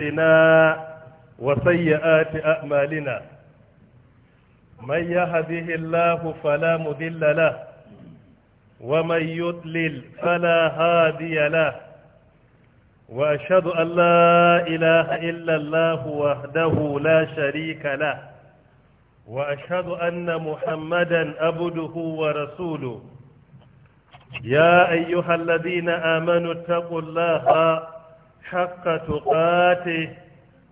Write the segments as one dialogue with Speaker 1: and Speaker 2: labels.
Speaker 1: أنفسنا وسيئات أعمالنا من يهده الله فلا مذل له ومن يضلل فلا هادي له وأشهد أن لا إله إلا الله وحده لا شريك له وأشهد أن محمدا أبده ورسوله يا أيها الذين آمنوا اتقوا الله haka tuƙate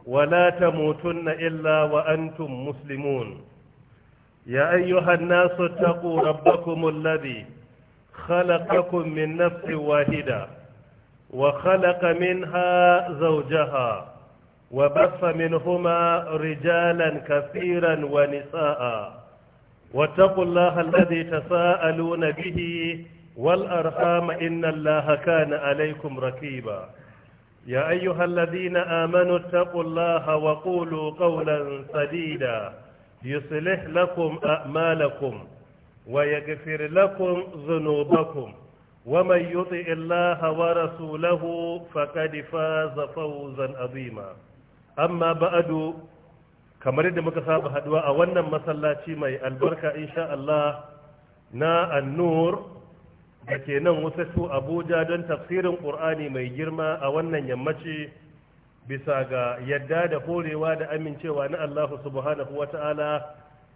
Speaker 1: wala ta na illa wa antum muslimun ya ayyuhan nasu taku rabbakumul ladhi khalaqakum min nafsin wahida wa khalaqa minha zawjaha wa min huma rijalan kathiran wa nisaa واتقوا الله الذي تساءلون به والأرحام إن الله كان عليكم ركيباً يا أيها الذين آمنوا اتقوا الله وقولوا قولا سديدا يصلح لكم أعمالكم ويغفر لكم ذنوبكم ومن يطع الله ورسوله فقد فاز فوزا عظيما أما بعد kamar yadda muka saba haduwa a wannan masallaci mai albarka insha Allah na annur da ke nan su abuja don tafsirin ƙur'ani mai girma a wannan yammaci bisa ga yadda da horewa da amincewa na allahu subhanahu wata'ala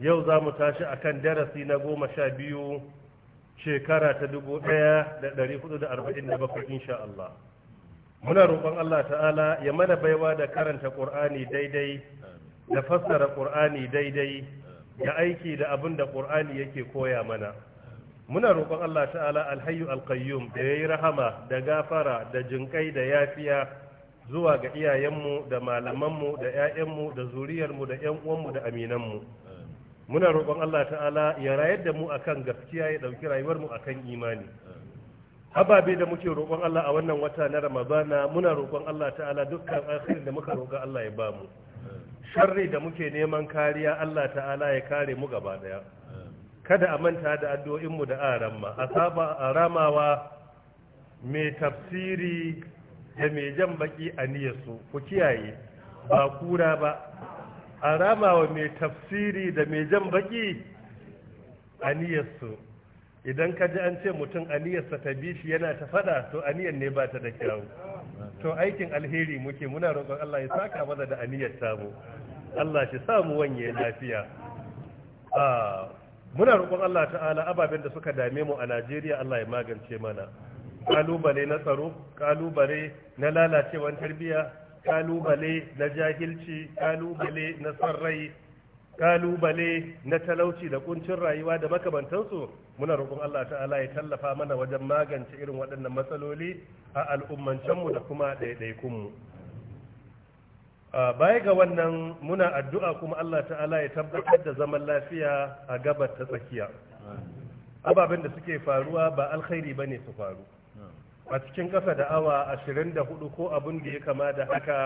Speaker 1: yau za mu tashi a kan darasi na goma sha biyu shekara ta dubu ɗaya da ɗari hudu da arba'in da bakwai insha allah muna roƙon allah ta'ala ya mana baiwa da karanta ƙur'ani daidai da fassara ƙur'ani daidai da aiki da abin da ƙur'ani yake koya mana muna roƙon Allah ta'ala alhayyu alqayyum da yayi rahama da gafara da jinkai da yafiya zuwa ga iyayenmu da malamanmu da 'ya'yanmu da zuriyarmu da 'yan uwanmu da aminanmu muna roƙon Allah ta'ala ya rayar da mu akan gaskiya ya ɗauki rayuwarmu akan imani Hababi da muke roƙon Allah a wannan wata na Ramadana muna roƙon Allah ta'ala dukkan alkhairin da muka roƙa Allah ya bamu sharri da muke neman kariya Allah ta'ala ya kare mu gaba daya kada a manta da addu'o'inmu da aramma a saba a ramawa mai tafsiri da mai jan baki a niyyarsu ku kiyaye ba kura ba a ramawa mai tafsiri da mai jan baki a niyyarsu idan ka ji an ce mutum aniyarsa ta bi shi yana ta fada to aniyar ne ba ta da kyau to aikin alheri muke muna roƙon Allah ya saka mana da aniyar samu Allah shi samu wanye lafiya muna roƙon Allah ta'ala ababen da suka dame mu a Najeriya Allah ya magance mana kalubale na tsaro kalubale na lalacewar tarbiyya kalubale na jahilci kalubale na sarrai kalubale na talauci da kuncin rayuwa da makamantansu muna roƙon Allah ta'ala ya tallafa mana wajen magance irin waɗannan matsaloli a al'ummancenmu da kuma ɗaiɗaikunmu baya ga wannan muna addu'a kuma Allah ta'ala ya tabbatar da zaman lafiya a gabar ta tsakiya ababen da suke faruwa ba alkhairi ba ne su faru a cikin kasa da awa 24 ko abin da ya kama da haka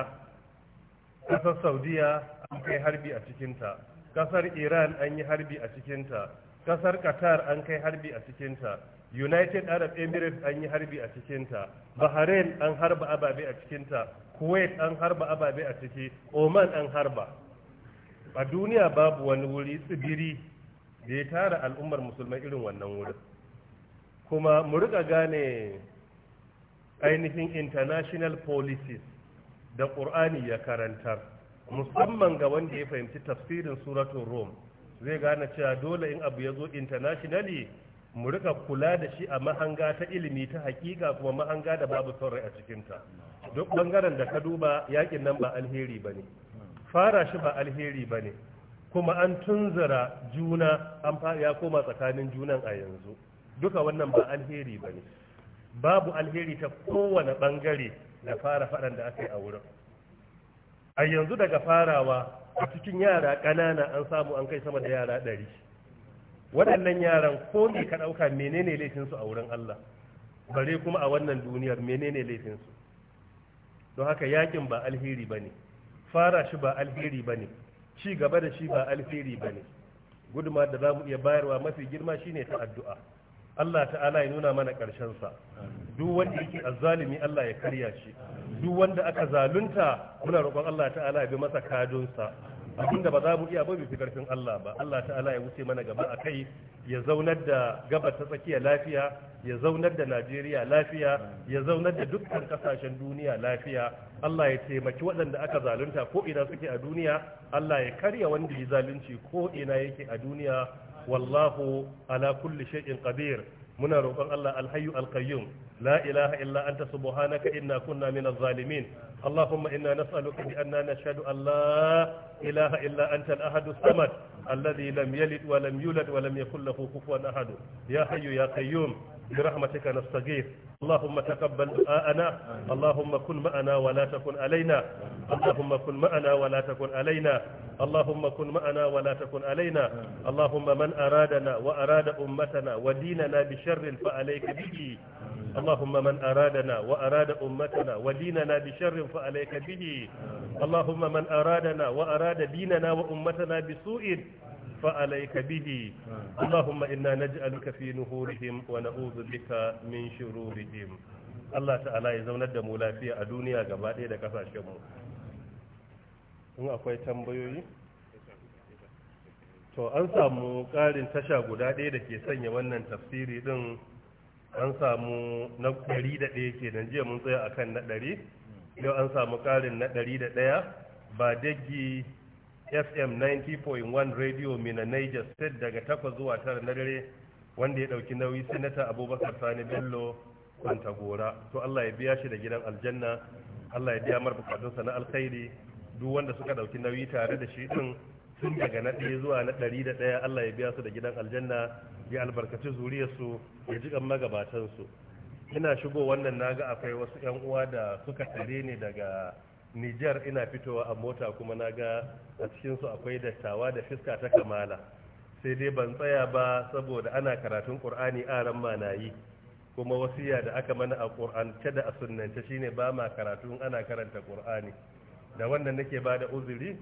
Speaker 1: ƙasar saudiya an kai harbi a cikinta ƙasar iran an yi harbi a cikinta ƙasar qatar an kai harbi a cikinta united arab emirates an yi harbi a cikinta bahrain an harba ababe a cikinta kuwait an harba ababe a ciki oman an harba a duniya babu wani wuri tsibiri da ya tara al'ummar musulman irin wannan wurin kuma mu riƙa gane ainihin international policies da ƙur'ani ya karantar musamman ga wanda ya fahimci tafsirin suratun rome zai gane cewa dole in abu ya zo internationally mu rika kula da shi a mahanga ta ilimi ta hakika kuma mahanga da babu son rai a cikinta duk bangaren da ka duba yakin nan ba alheri ba ne fara shi ba alheri ba ne kuma an tunzura juna an ya koma tsakanin junan a yanzu duka wannan ba alheri ba ne babu alheri ta kowane bangare da fara faɗan da aka yi a wurin a yanzu daga farawa a cikin yara ƙanana an samu an kai sama da yara ɗari waɗannan yaran ko me ka ɗauka menene laifinsu a wurin Allah bare kuma a wannan duniyar menene laifinsu don haka yakin ba alheri bane fara shi ba alheri ba ci gaba da shi ba alheri bane ne guduma da zamu iya bayarwa mafi girma shine ta addu'a Allah ta'ala ya nuna mana ƙarshen sa duk wanda yake azzalimi Allah ya karya shi duk wanda aka zalunta muna roƙon Allah ta'ala ya bi masa kadunsa abinda ba za mu iya ba fi karfin Allah ba Allah ta'ala ya wuce mana gaba a kai ya zaunar da gabar ta tsakiya lafiya ya zaunar da Najeriya lafiya ya zaunar da dukkan kasashen duniya lafiya Allah ya taimaki waɗanda aka zalunta ko ina suke a duniya Allah ya karya wanda ya zalunci ko ina yake a duniya wallahu ala kulli shay'in qadir muna roƙon Allah alhayyu alqayyum la ilaha illa anta subhanaka inna kunna minaz zalimin allahumma inna nas'aluka bi anna nashhadu an la ilaha illa anta al-ahad as-samad alladhi lam yalid wa lam yulad wa lam yakul lahu kufuwan ahad ya hayyu ya qayyum برحمتك نستغيث اللهم تقبل دعاءنا اللهم كن معنا ولا تكن علينا اللهم كن معنا ولا تكن علينا اللهم كن معنا ولا تكن علينا اللهم من أرادنا وأراد أمتنا وديننا بشر فعليك به اللهم من أرادنا وأراد أمتنا وديننا بشر فعليك به اللهم من أرادنا وأراد ديننا وأمتنا بسوء فعليك به اللهم إنا نجعلك في نهورهم ونعوذ بك من شرورهم Allah ta'ala ya zaunar da mu lafiya a duniya gaba ɗaya da ƙasashenmu in akwai tambayoyi to an samu ƙarin tasha guda ɗaya da ke sanya wannan tafsiri ɗin an samu na ɗari da ɗaya ke nan jiya mun tsaya a kan na ɗari yau an samu karin na ɗari da ɗaya ba daggi fm 90.1 radio mina niger state daga takwas zuwa tara na dare wanda ya ɗauki nauyi sanata abubakar sani bello kwanta gora to allah ya biya shi da gidan aljanna allah ya biya mar bukatunsa na alkhairi duk wanda suka ɗauki nauyi tare da shi din tun daga na ɗaya zuwa na ɗari da ɗaya Allah ya biya su da gidan aljanna ya albarkaci zuriyarsu ya ji kan magabatansu ina shigo wannan naga akwai wasu yan uwa da suka tare ne daga Nijar ina fitowa a mota kuma naga a cikin su akwai dattawa da fiska ta kamala sai dai ban tsaya ba saboda ana karatun Qur'ani aran ma nayi kuma wasiya da aka mana a Qur'an da a sunnance shine ba ma karatun ana karanta Qur'ani da wannan nake ba da uzuri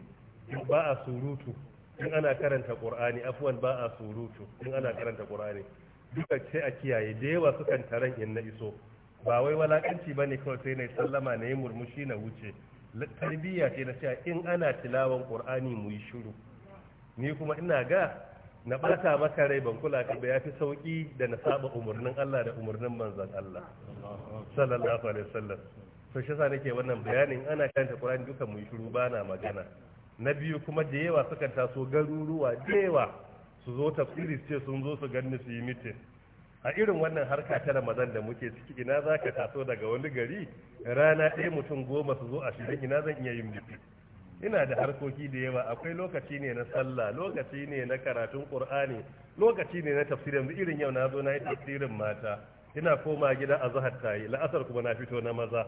Speaker 1: ba a surutu in ana karanta qur'ani afwan ba a surutu in ana karanta qur'ani duka ce a kiyaye da yawa sukan taran in na iso ba wai walakanci bane kawai sai na sallama na yi murmushi na wuce tarbiyya ce na cewa in ana tilawan qur'ani mu yi shiru ni kuma ina ga na bata maka rai ban kula ka ba yafi sauki da na saba umurnin Allah da umurnin manzon Allah sallallahu alaihi wasallam to shi sa nake wannan bayanin ana karanta Qur'ani dukan mu shiru bana magana na biyu kuma da yawa suka taso garuruwa da yawa su zo tafsiri ce sun zo su ganni su yi mitin a irin wannan harka ta Ramadan da muke ciki ina za taso daga wani gari rana ɗaya mutum goma su zo a shirin ina zan iya yin biki ina da harkoki da yawa akwai lokaci ne na sallah lokaci ne na karatun qur'ani lokaci ne na tafsirin, irin yau na zo na yi tafsirin mata ina koma gida a zahar tayi la'asar kuma na fito na maza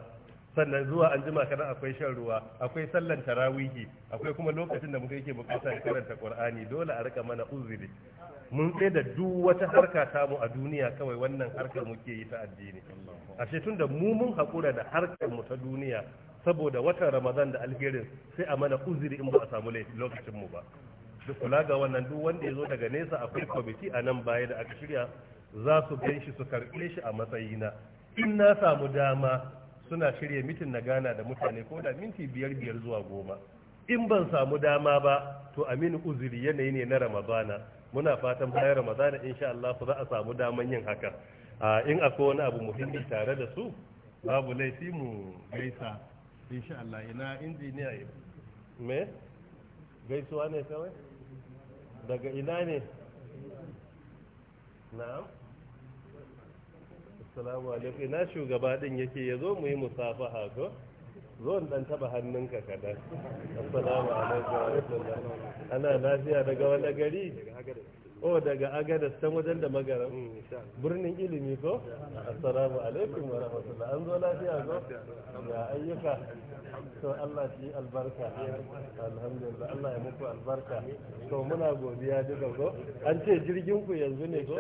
Speaker 1: sannan zuwa an jima kadan akwai shan ruwa akwai sallan tarawihi akwai kuma lokacin da muka yake bukata ya karanta qur'ani dole a rika mana uzuri mun sai da duk wata harka ta mu a duniya kawai wannan harkar muke yi ta addini ashe tun da mu mun hakura da harkar mu ta duniya saboda watan ramadan da alherin sai a mana uzuri in ba a samu lokacin mu ba duk kula ga wannan duk wanda ya zo daga nesa akwai kwamiti a nan baya da aka shirya za su gan su karɓe shi a matsayina in na samu dama suna shirya mitin na gana da mutane ko da minti biyar biyar zuwa goma in ban samu dama ba to aminu uzuri yanayi ne na ramadana muna fatan bayan ramadana insha Allah za a samu daman yin haka in akwai wani abu muhimmi tare da su babu laifi mu gaisa insha Allah ina injiniya me gaisuwa ne kawai daga ina ne na'am salamu alaikum ina shugaba din yake ya zo mu yi musafaha ko zo dan taba hannunka kadan assalamu alaikum ana lafiya daga wani gari o daga agadas san wajen da magara mm, birnin ilimi ko assalamu alaikum wa rahmatullahi an zo lafiya ko ga ayyuka to Allah shi albarka alhamdulillah Allah ya muku albarka to muna godiya duka ko an ce jirgin ku yanzu ne ko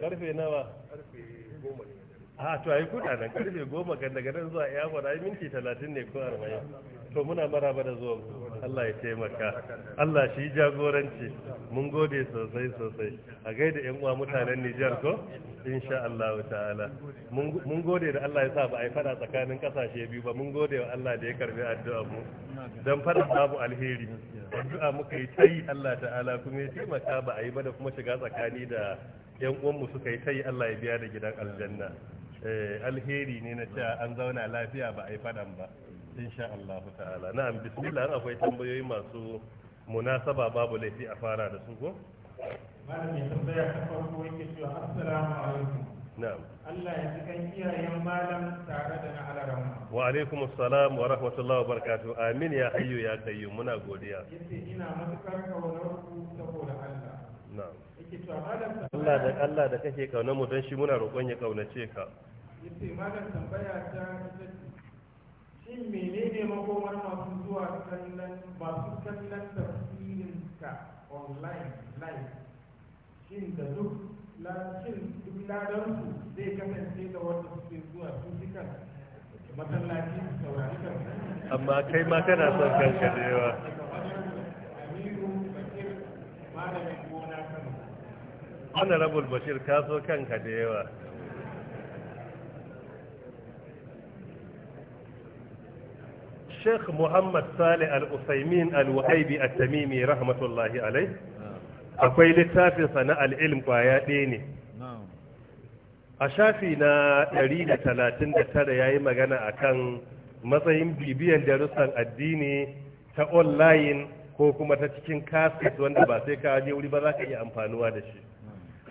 Speaker 1: karfe nawa karfe a to ayi kuda nan karfe goma kan daga nan zuwa iya kwana minti talatin ne ko arba'in to muna maraba da zuwa Allah ya taimaka Allah shi jagoranci mun gode sosai sosai a gaida yan uwa mutanen Nijar ko insha Allah ta'ala mun gode da Allah ya sa ba a yi fada tsakanin kasashe biyu ba mun gode wa Allah da ya karbi addu'a mu
Speaker 2: dan fara babu
Speaker 1: alheri addu'a muka yi tai Allah ta'ala kuma ya taimaka ba a yi ba da kuma shiga tsakani da yan uwanmu suka yi ta yi Allah ya biya da gidan aljanna eh, alheri ne na cewa an zauna lafiya ba a yi fadan ba insha Allah ta'ala na'am bismillah akwai tambayoyi masu munasaba babu laifi a fara da su ko
Speaker 3: malamin tambaya ta farko yake cewa assalamu alaikum na'am Allah ya ji kan iyayen malam tare da na alaran
Speaker 1: wa alaikum assalam wa rahmatullahi wa barakatuh amin ya hayyu ya qayyum muna godiya yace ina
Speaker 3: matukar kaunar ku saboda Allah
Speaker 1: na'am Allah da kake kauna mu don shi muna roƙon ya kaunace ka
Speaker 3: yace malam tambaya ta
Speaker 4: shin menene
Speaker 3: makomar masu zuwa kallon masu kallon tafsirin ka online live shin da duk shin duk su zai kasance da wanda suke zuwa fizikal masallaci saurari kan amma kai ma kana son kanka da yawa bakir
Speaker 1: wani rabul bashir ka kanka da yawa sheikh muhammad sale al-usaimin al-wahaibi at-tamimi rahmatullahi alai akwai littafin na ilm kwaya ɗaya ne a shafi na 139 ya yi magana a kan matsayin bibiyar darussan addini ta online ko kuma ta cikin kaset wanda ba sai ka je wuri ba za ka iya amfanuwa da shi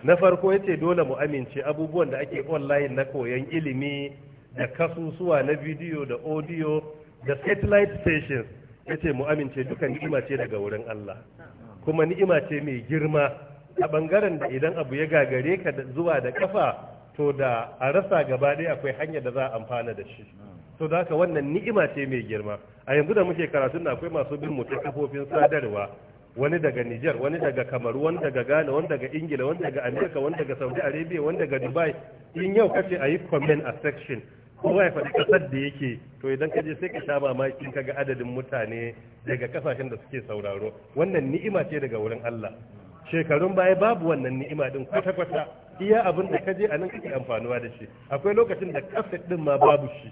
Speaker 1: na farko yace dole mu amince abubuwan da ake online na koyon ilimi da kasusuwa na bidiyo da audio da satellite stations yace mu amince duka ni'ima ce daga wurin Allah kuma ni'ima ce mai girma a bangaren da idan abu ya gagare ka zuwa da kafa to da a rasa gaba ɗaya akwai hanyar da za a amfana da shi to da haka wannan ni'ima ce mai girma a yanzu da muke karatun da akwai masu bin mu kafofin sadarwa wani daga Niger wani daga Kamaru wani daga Ghana wani daga Ingila wani daga Amerika, wani daga Saudi Arabia wani daga Dubai in yau kace yi comment a section kowa ya faɗi ƙasar da yake to idan ka je sai ka sha mamaki ka ga adadin mutane daga kasashen da suke sauraro wannan ni'ima ce daga wurin Allah shekarun baya babu wannan ni'ima din kwata kwata iya abin da ka je a nan kake amfanuwa da shi akwai lokacin da kaset din ma babu shi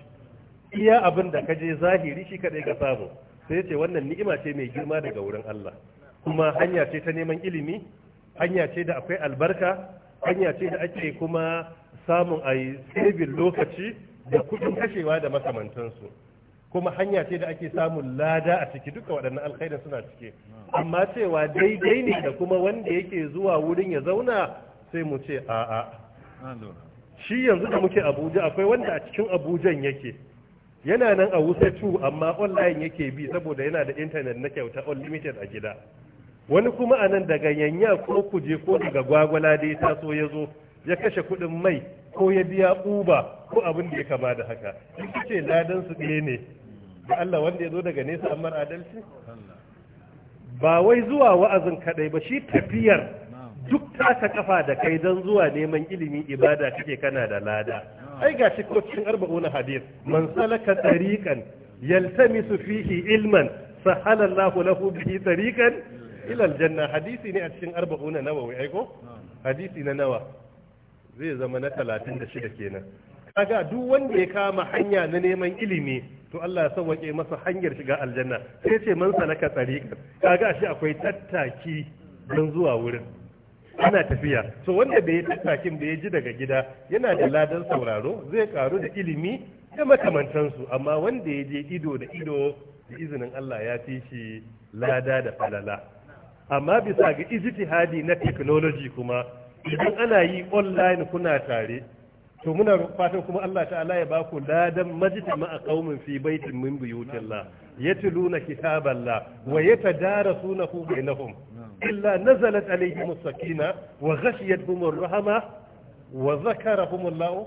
Speaker 1: iya abin da ka je zahiri shi kaɗai ka samu sai ce wannan ni'ima ce mai girma daga wurin Allah kuma hanya ce ta neman ilimi hanya ce da akwai albarka hanya ce da ake kuma samun a yi lokaci da kudin kashewa da makamantansu kuma hanya ce da ake samun lada a ciki duka waɗannan alkhairin suna ciki amma cewa daidai ne da kuma wanda yake zuwa wurin ya zauna sai mu ce a'a shi yanzu da muke abuja akwai wanda a cikin abujan yake yana nan a wuce tu amma online yake bi saboda yana da intanet na kyauta unlimited a gida wani kuma a nan daga yanya ko kuje ko daga gwagwala da ya taso ya zo ya kashe kuɗin mai ko ya biya uba ko abin da ya kama da haka in ce ladan su ɗaya ne da Allah wanda ya zo daga nesa amma adalci ba wai zuwa wa'azin kaɗai ba shi tafiyar duk taka kafa da kai don zuwa neman ilimi ibada kake kana da lada ai ga shi ko cikin arba'un hadith man salaka tariqan yaltamisu fihi ilman sahala Allahu lahu bihi tariqan ilal janna hadisi ne a cikin arba'una nawawi aiko hadisi na nawa zai zama na talatin da shida kenan kaga duk wanda ya kama hanya na neman ilimi to Allah ya sauwake masa hanyar shiga aljanna sai ce man salaka tsarika kaga shi akwai tattaki don zuwa wurin ana tafiya so wanda bai tattakin bai ji daga gida yana da ladan sauraro zai karu da ilimi da makamantansu amma wanda ya je ido da ido da izinin Allah ya fi lada da falala amma bisa ga ijtihadi na technology kuma idan ana yi online kuna tare to muna fatan kuma Allah ta'ala ya baku ladan majtama a qaumin fi baitin min buyutillah yatluna kitaballah wa yatadarasunahu bainahum illa nazalat alayhim as-sakina wa ghashiyatuhum ar-rahma wa dhakarahum Allah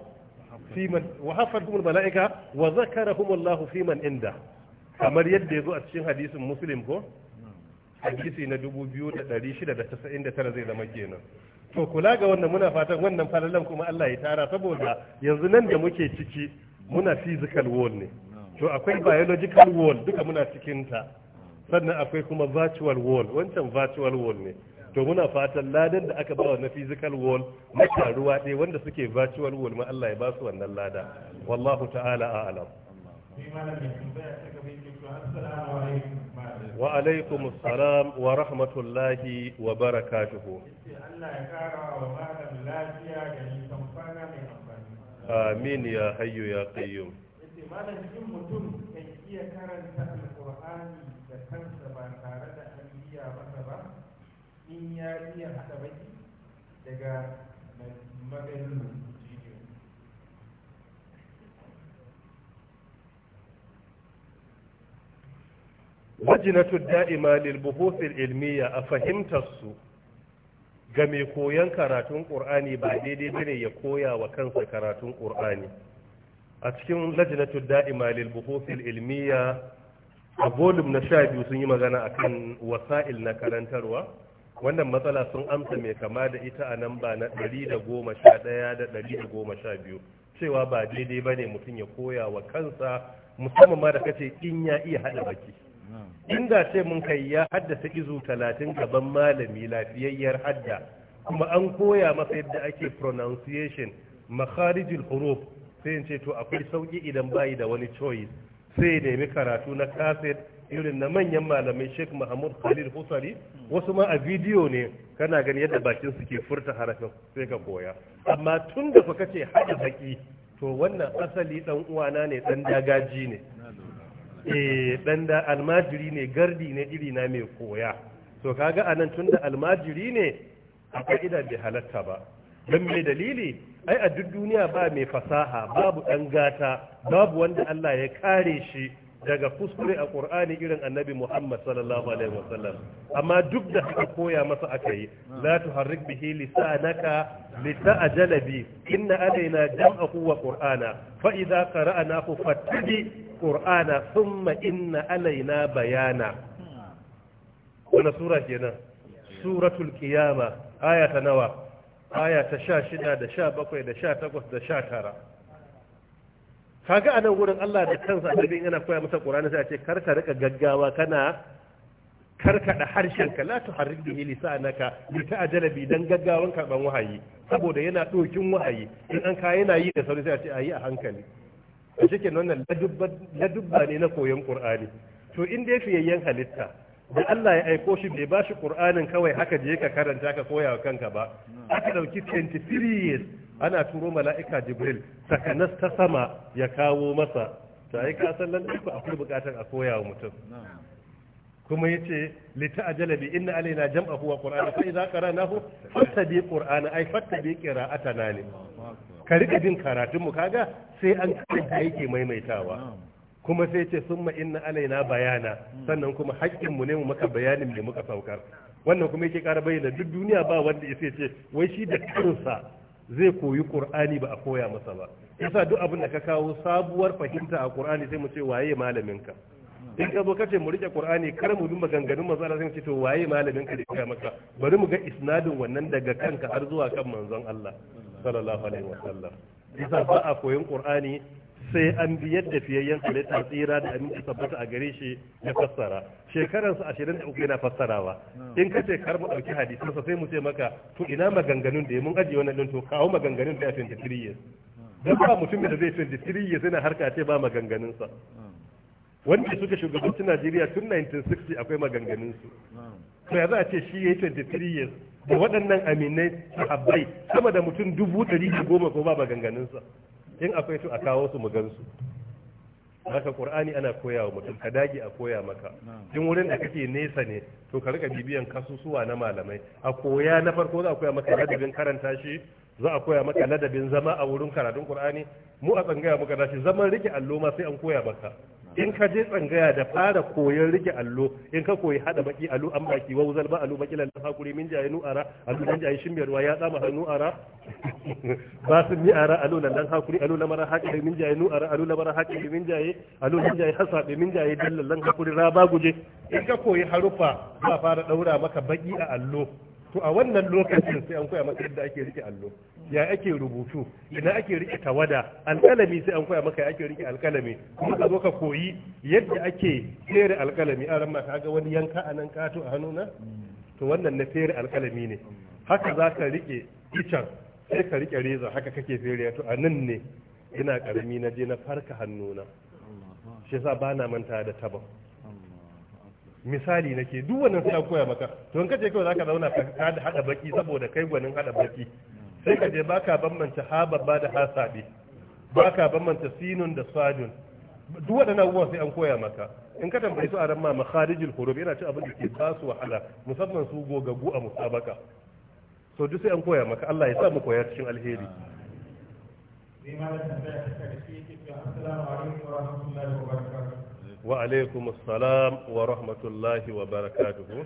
Speaker 1: fi man wa hafadhum al-malaika wa dhakarahum Allah fi man inda kamar yadda yazo a cikin hadisin muslim ko hadisi na 2699 zai zama kenan to kula ga wannan muna fatan wannan falalan kuma Allah ya tara saboda yanzu nan da muke ciki muna physical world ne to akwai biological world duka muna cikin ta sannan akwai kuma virtual world wancan virtual world ne to muna fatan ladan da aka bawa na physical world na karuwa ɗaya wanda suke virtual world ma Allah ya basu wannan lada wallahu ta'ala a'lam wa alaikum assalam wa rahmatullahi wa barakatuhu amin ya hayyu ya qayyum
Speaker 3: mutum kan iya karanta alqur'ani da kansa ba tare da an biya masa ba in ya biya hada daga maganin
Speaker 1: lajinatu da'ima lil buhuthil ilmiya a fahimtar su ga mai koyon karatun qur'ani ba daidai bane ya koya wa kansa karatun qur'ani a cikin lajinatu da'ima lil buhuthil ilmiya a na sha biyu sun yi magana akan wasa'il na karantarwa wannan matsala sun amsa mai kama da ita a nan ba na 111 da 112 cewa ba daidai ba ne mutum ya koya wa kansa musamman ma da kace in ya iya haɗa baki inda ce mun kai ya haddasa izu talatin gaban malami lafiyayyar hadda kuma an koya masa yadda ake pronunciation makharijul huruf sai in ce to akwai sauki idan bayi da wani choice sai nemi karatu na kaset irin na manyan malamai Sheikh Mahmud Khalil Husari wasu ma a bidiyo ne kana gani yadda bakin su ke furta harafin sai ka koya amma tun da fa kace hada baki to wannan asali dan uwana ne dan dagaji ne eh dan da almajiri ne gardi ne iri na mai koya to kaga anan da almajiri ne a ka'ida bai halatta ba don mai dalili ai a duk duniya ba mai fasaha babu ɗan gata babu wanda Allah ya kare shi daga kuskure a qur'ani irin annabi muhammad sallallahu alaihi wasallam amma duk da haka koya masa aka yi la tuharrik bihi lisanaka lita'jala bi inna alaina jam'ahu wa qur'ana fa idza qara'nahu fattabi qur'ana thumma inna alaina bayana wannan sura kenan suratul qiyama aya ta nawa aya ta 16 da 17 da 18 da 19 kaga nan wurin Allah da kansa annabi yana koya masa Qur'ani sai a ce kar ka rika gaggawa kana karkada harshenka la tuharrik bihi lisanaka bi ta'jala bi dan gaggawan karban wahayi saboda yana dokin wahayi in an ka yana yi da sauri sai a ce ayi a hankali a cikin wannan ladubba ne na koyon qur'ani to in dai fiyayyen halitta da Allah ya aiko shi bai bashi qur'anin kawai haka je ka karanta ka koya wa kanka ba aka dauki 23 years ana turo mala'ika jibril sakanas ta sama ya kawo masa to ai ka san lalle akwai bukatar a koya wa mutum kuma ya ce, li ta'jala bi inna alaina jam'ahu wa qur'ana fa idza qara'nahu fattabi qur'ana ai fattabi qira'atana ne ka rika bin karatun mu kaga sai an kanta yake maimaitawa kuma sai ce summa inna alaina bayana sannan kuma haƙƙin mu ne mu maka bayanin da muka saukar wannan kuma yake ƙara bayyana duk duniya ba wanda ya ce wai shi da kansa zai koyi ƙur'ani ba a koya masa ba yasa duk abin da ka kawo sabuwar fahimta a ƙur'ani sai mu ce waye malamin ka in ka zo kace mu rike ƙur'ani kar mu bi maganganun manzo Allah sai mu ce to waye malamin ka da ya maka bari mu ga isnadin wannan daga kanka har zuwa kan manzon Allah sallallahu alaihi wasallam yasa ba a koyin ƙur'ani. sai an biyar da fiyayyen halitta tsira da aminci tabbata a gare shi ya fassara su ashirin da uku yana fassarawa in ka ce kar mu ɗauki hadisansa sai mu ce maka to ina maganganun da ya mun ajiye wannan to kawo maganganun da ya 23 years don ba mutumin da zai 23 years yana harka ce ba maganganunsa wanda suka shugabancin Najeriya tun 1960 akwai maganganunsu to ya za a ce shi ya yi 23 years da waɗannan aminai sahabbai sama da mutum dubu ɗari da goma ko ba maganganunsa in akwai su a kawo su mu gan su haka qur'ani ana koya wa mutum ka dage a koya maka tun wurin da kake nesa ne to ka rika bibiyan kasusuwa na malamai a koya na farko za a koya maka ladabin karanta shi za a koya maka ladabin zama a wurin karatun qur'ani mu a tsangaya muka dace zaman rike allo ma sai an koya maka in ka je tsangaya da fara koyon rike allo in ka koyi hada baki allo an baki wa wuzal ba allo baki lan hakuri min jayi nu'ara allo dan jayi shin biyarwa ya tsama hannu ara ba su mi ara allo lalle dan hakuri allo lamara hakuri min jayi nu'ara allo lamara hakuri min jayi allo dan jayi be min jayi dallan lan hakuri ba guje in ka koyi harufa ba fara daura maka baki a allo to a wannan lokacin sai an koya maka yadda ake rike allo ya ake rubutu ina ake rike tawada alkalami sai an koya maka ake rike alkalami kuma ka zo ka koyi yadda ake fere alkalami a ramma ka ga wani yanka a nan kato a hannuna to wannan na fere alkalami ne haka za ka rike ican sai ka rike reza haka kake fere to a nan ne ina karami na je na farka hannuna shi yasa ba na manta da taban misali nake duk wannan sai an koya maka to in kace za ka zauna ka hada baki saboda kai gwanin hada baki sai ka je baka bambanta ha babba da ha sabi baka bambanta sinun da sadun duk waɗannan abubuwan sai an koya maka in ka tambayi su a ran ma makharijul huruf yana ci abin da ke ba su wahala musamman su gogaggu a musabaka so duk sai an koya maka Allah ya sa mu koya cikin alheri wa alaikum assalam wa rahmatullahi wa barakatuhu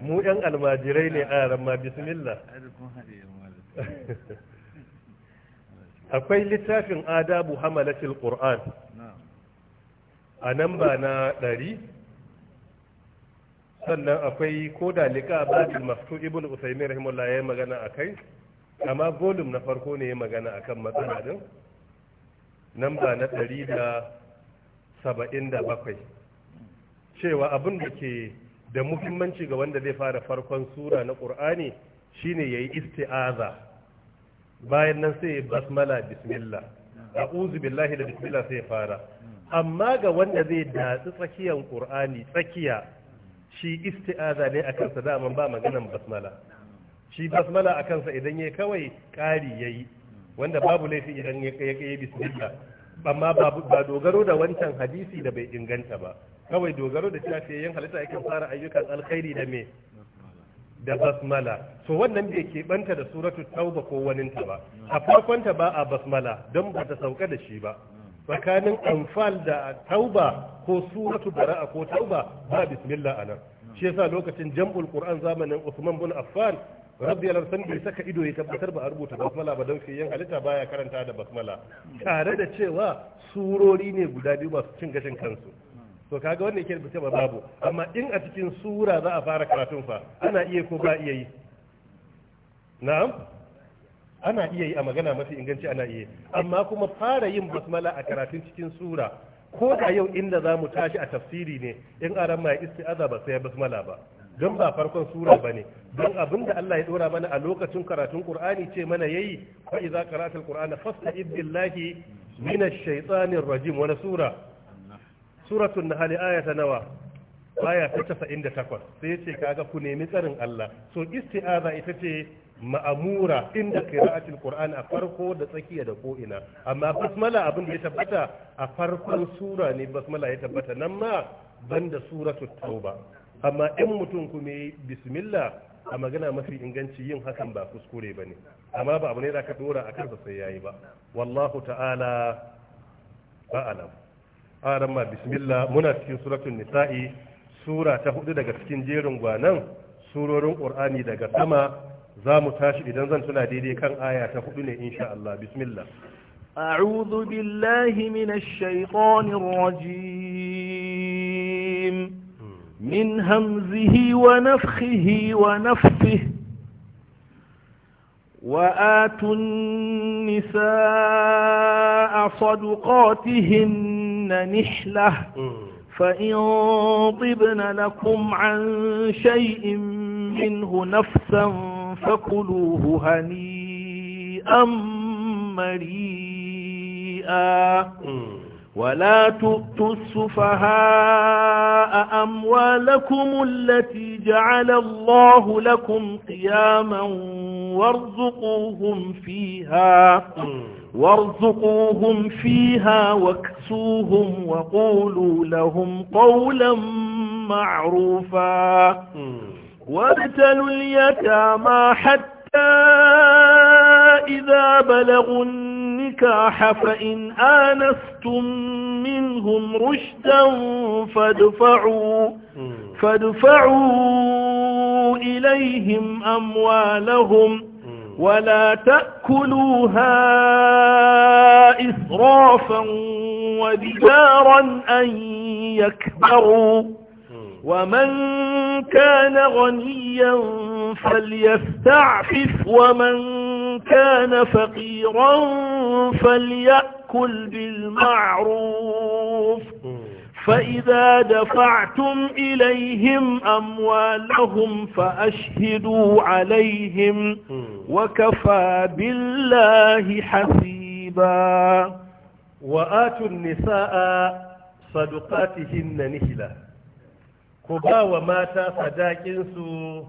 Speaker 1: mu yan almajirai ne a ramma bismillah akwai littafin adabu hamalatil qur'an a nan ba na ɗari sannan akwai ko da liƙa babin maftu ibn usaimin rahimullah ya yi magana a kai amma volum na farko ne ya magana akan matsala din nan ba na ɗari da saba'in da bakwai cewa abin da ke da muhimmanci ga wanda zai fara farkon sura na ƙur'ani shine yayi isti'aza bayan nan sai ya basmala bismillah a'udhu billahi da bismillah sai ya fara amma ga wanda zai datsi tsakiyan ƙur'ani tsakiya shi isti'aza ne a kansa daman ba maganan basmala shi basmala a kansa idan ya kawai ƙari yayi wanda babu laifi idan ya kai bismillah amma ba dogaro da wancan hadisi da bai inganta ba kawai dogaro da cewa yan halitta yake fara ayyukan alkhairi da me da basmala to wannan bai keɓanta da suratul tauba ko waninta ba a farkonta ba a basmala don ba ta sauka da shi ba tsakanin anfal da tauba ko suratul bara'a ko tauba ba bismillah anan shi yasa lokacin jam'ul qur'an zamanin Usman bin Affan rabbi ya larsan bai saka ido ya tabbatar ba a rubuta basmala ba don yan halitta baya karanta da basmala tare da cewa surori ne guda biyu masu cin gashin kansu to kaga wannan yake rubuce ba babu amma in a cikin sura za a fara karatun fa ana iya ko ba iya yi na'am ana iya yi a magana mafi inganci ana iya amma kuma fara yin basmala a karatun cikin sura ko da yau inda za mu tashi a tafsiri ne in aran mai isti'aza ba sai basmala ba don ba farkon sura ba ne don abin da Allah ya dora mana a lokacin karatun Qur'ani ce mana yayi fa idza qara'ta al-Qur'ana fasta'id billahi min ash-shaytanir rajim wa sura suratul nahl ayata nawa aya ta 98 sai yace kaga ku nemi tsarin Allah so isti'aza ita ce ma'amura inda qira'atul Qur'an a farko da tsakiya da ko ina amma basmala abin da ya tabbata a farkon sura ne basmala ya tabbata nan ma banda suratul tauba amma in mutum kuma yi bismillah a magana mafi inganci yin hakan ba kuskure ba ne amma ba abu ne da ka dora a kansa sai yayi ba wallahu ta'ala a'lam aran ma bismillah muna cikin suratul nisa'i sura ta hudu daga cikin jerin gwanan surorin qur'ani daga sama za mu tashi idan zan tuna daidai kan aya ta hudu ne insha Allah bismillah
Speaker 4: a'udhu billahi minash shaitani rajim من همزه ونفخه ونفثه وآتوا النساء صدقاتهن نحلة فإن طبن لكم عن شيء منه نفسا فكلوه هنيئا مريئا ولا تؤتوا السفهاء أموالكم التي جعل الله لكم قياما وارزقوهم فيها وارزقوهم فيها واكسوهم وقولوا لهم قولا معروفا وابتلوا اليتامى حتى إذا بلغوا النكاح فإن آنستم منهم رشدا فادفعوا, فادفعوا إليهم أموالهم ولا تأكلوها إسرافا وبجارا أن يكبروا ومن كان غنيا فليستعفف ومن كان فقيرا فليأكل بالمعروف فإذا دفعتم إليهم أموالهم فأشهدوا عليهم وكفى بالله حسيبا وآتوا النساء صدقاتهن
Speaker 1: نهلا كبا وماتا صداكنسو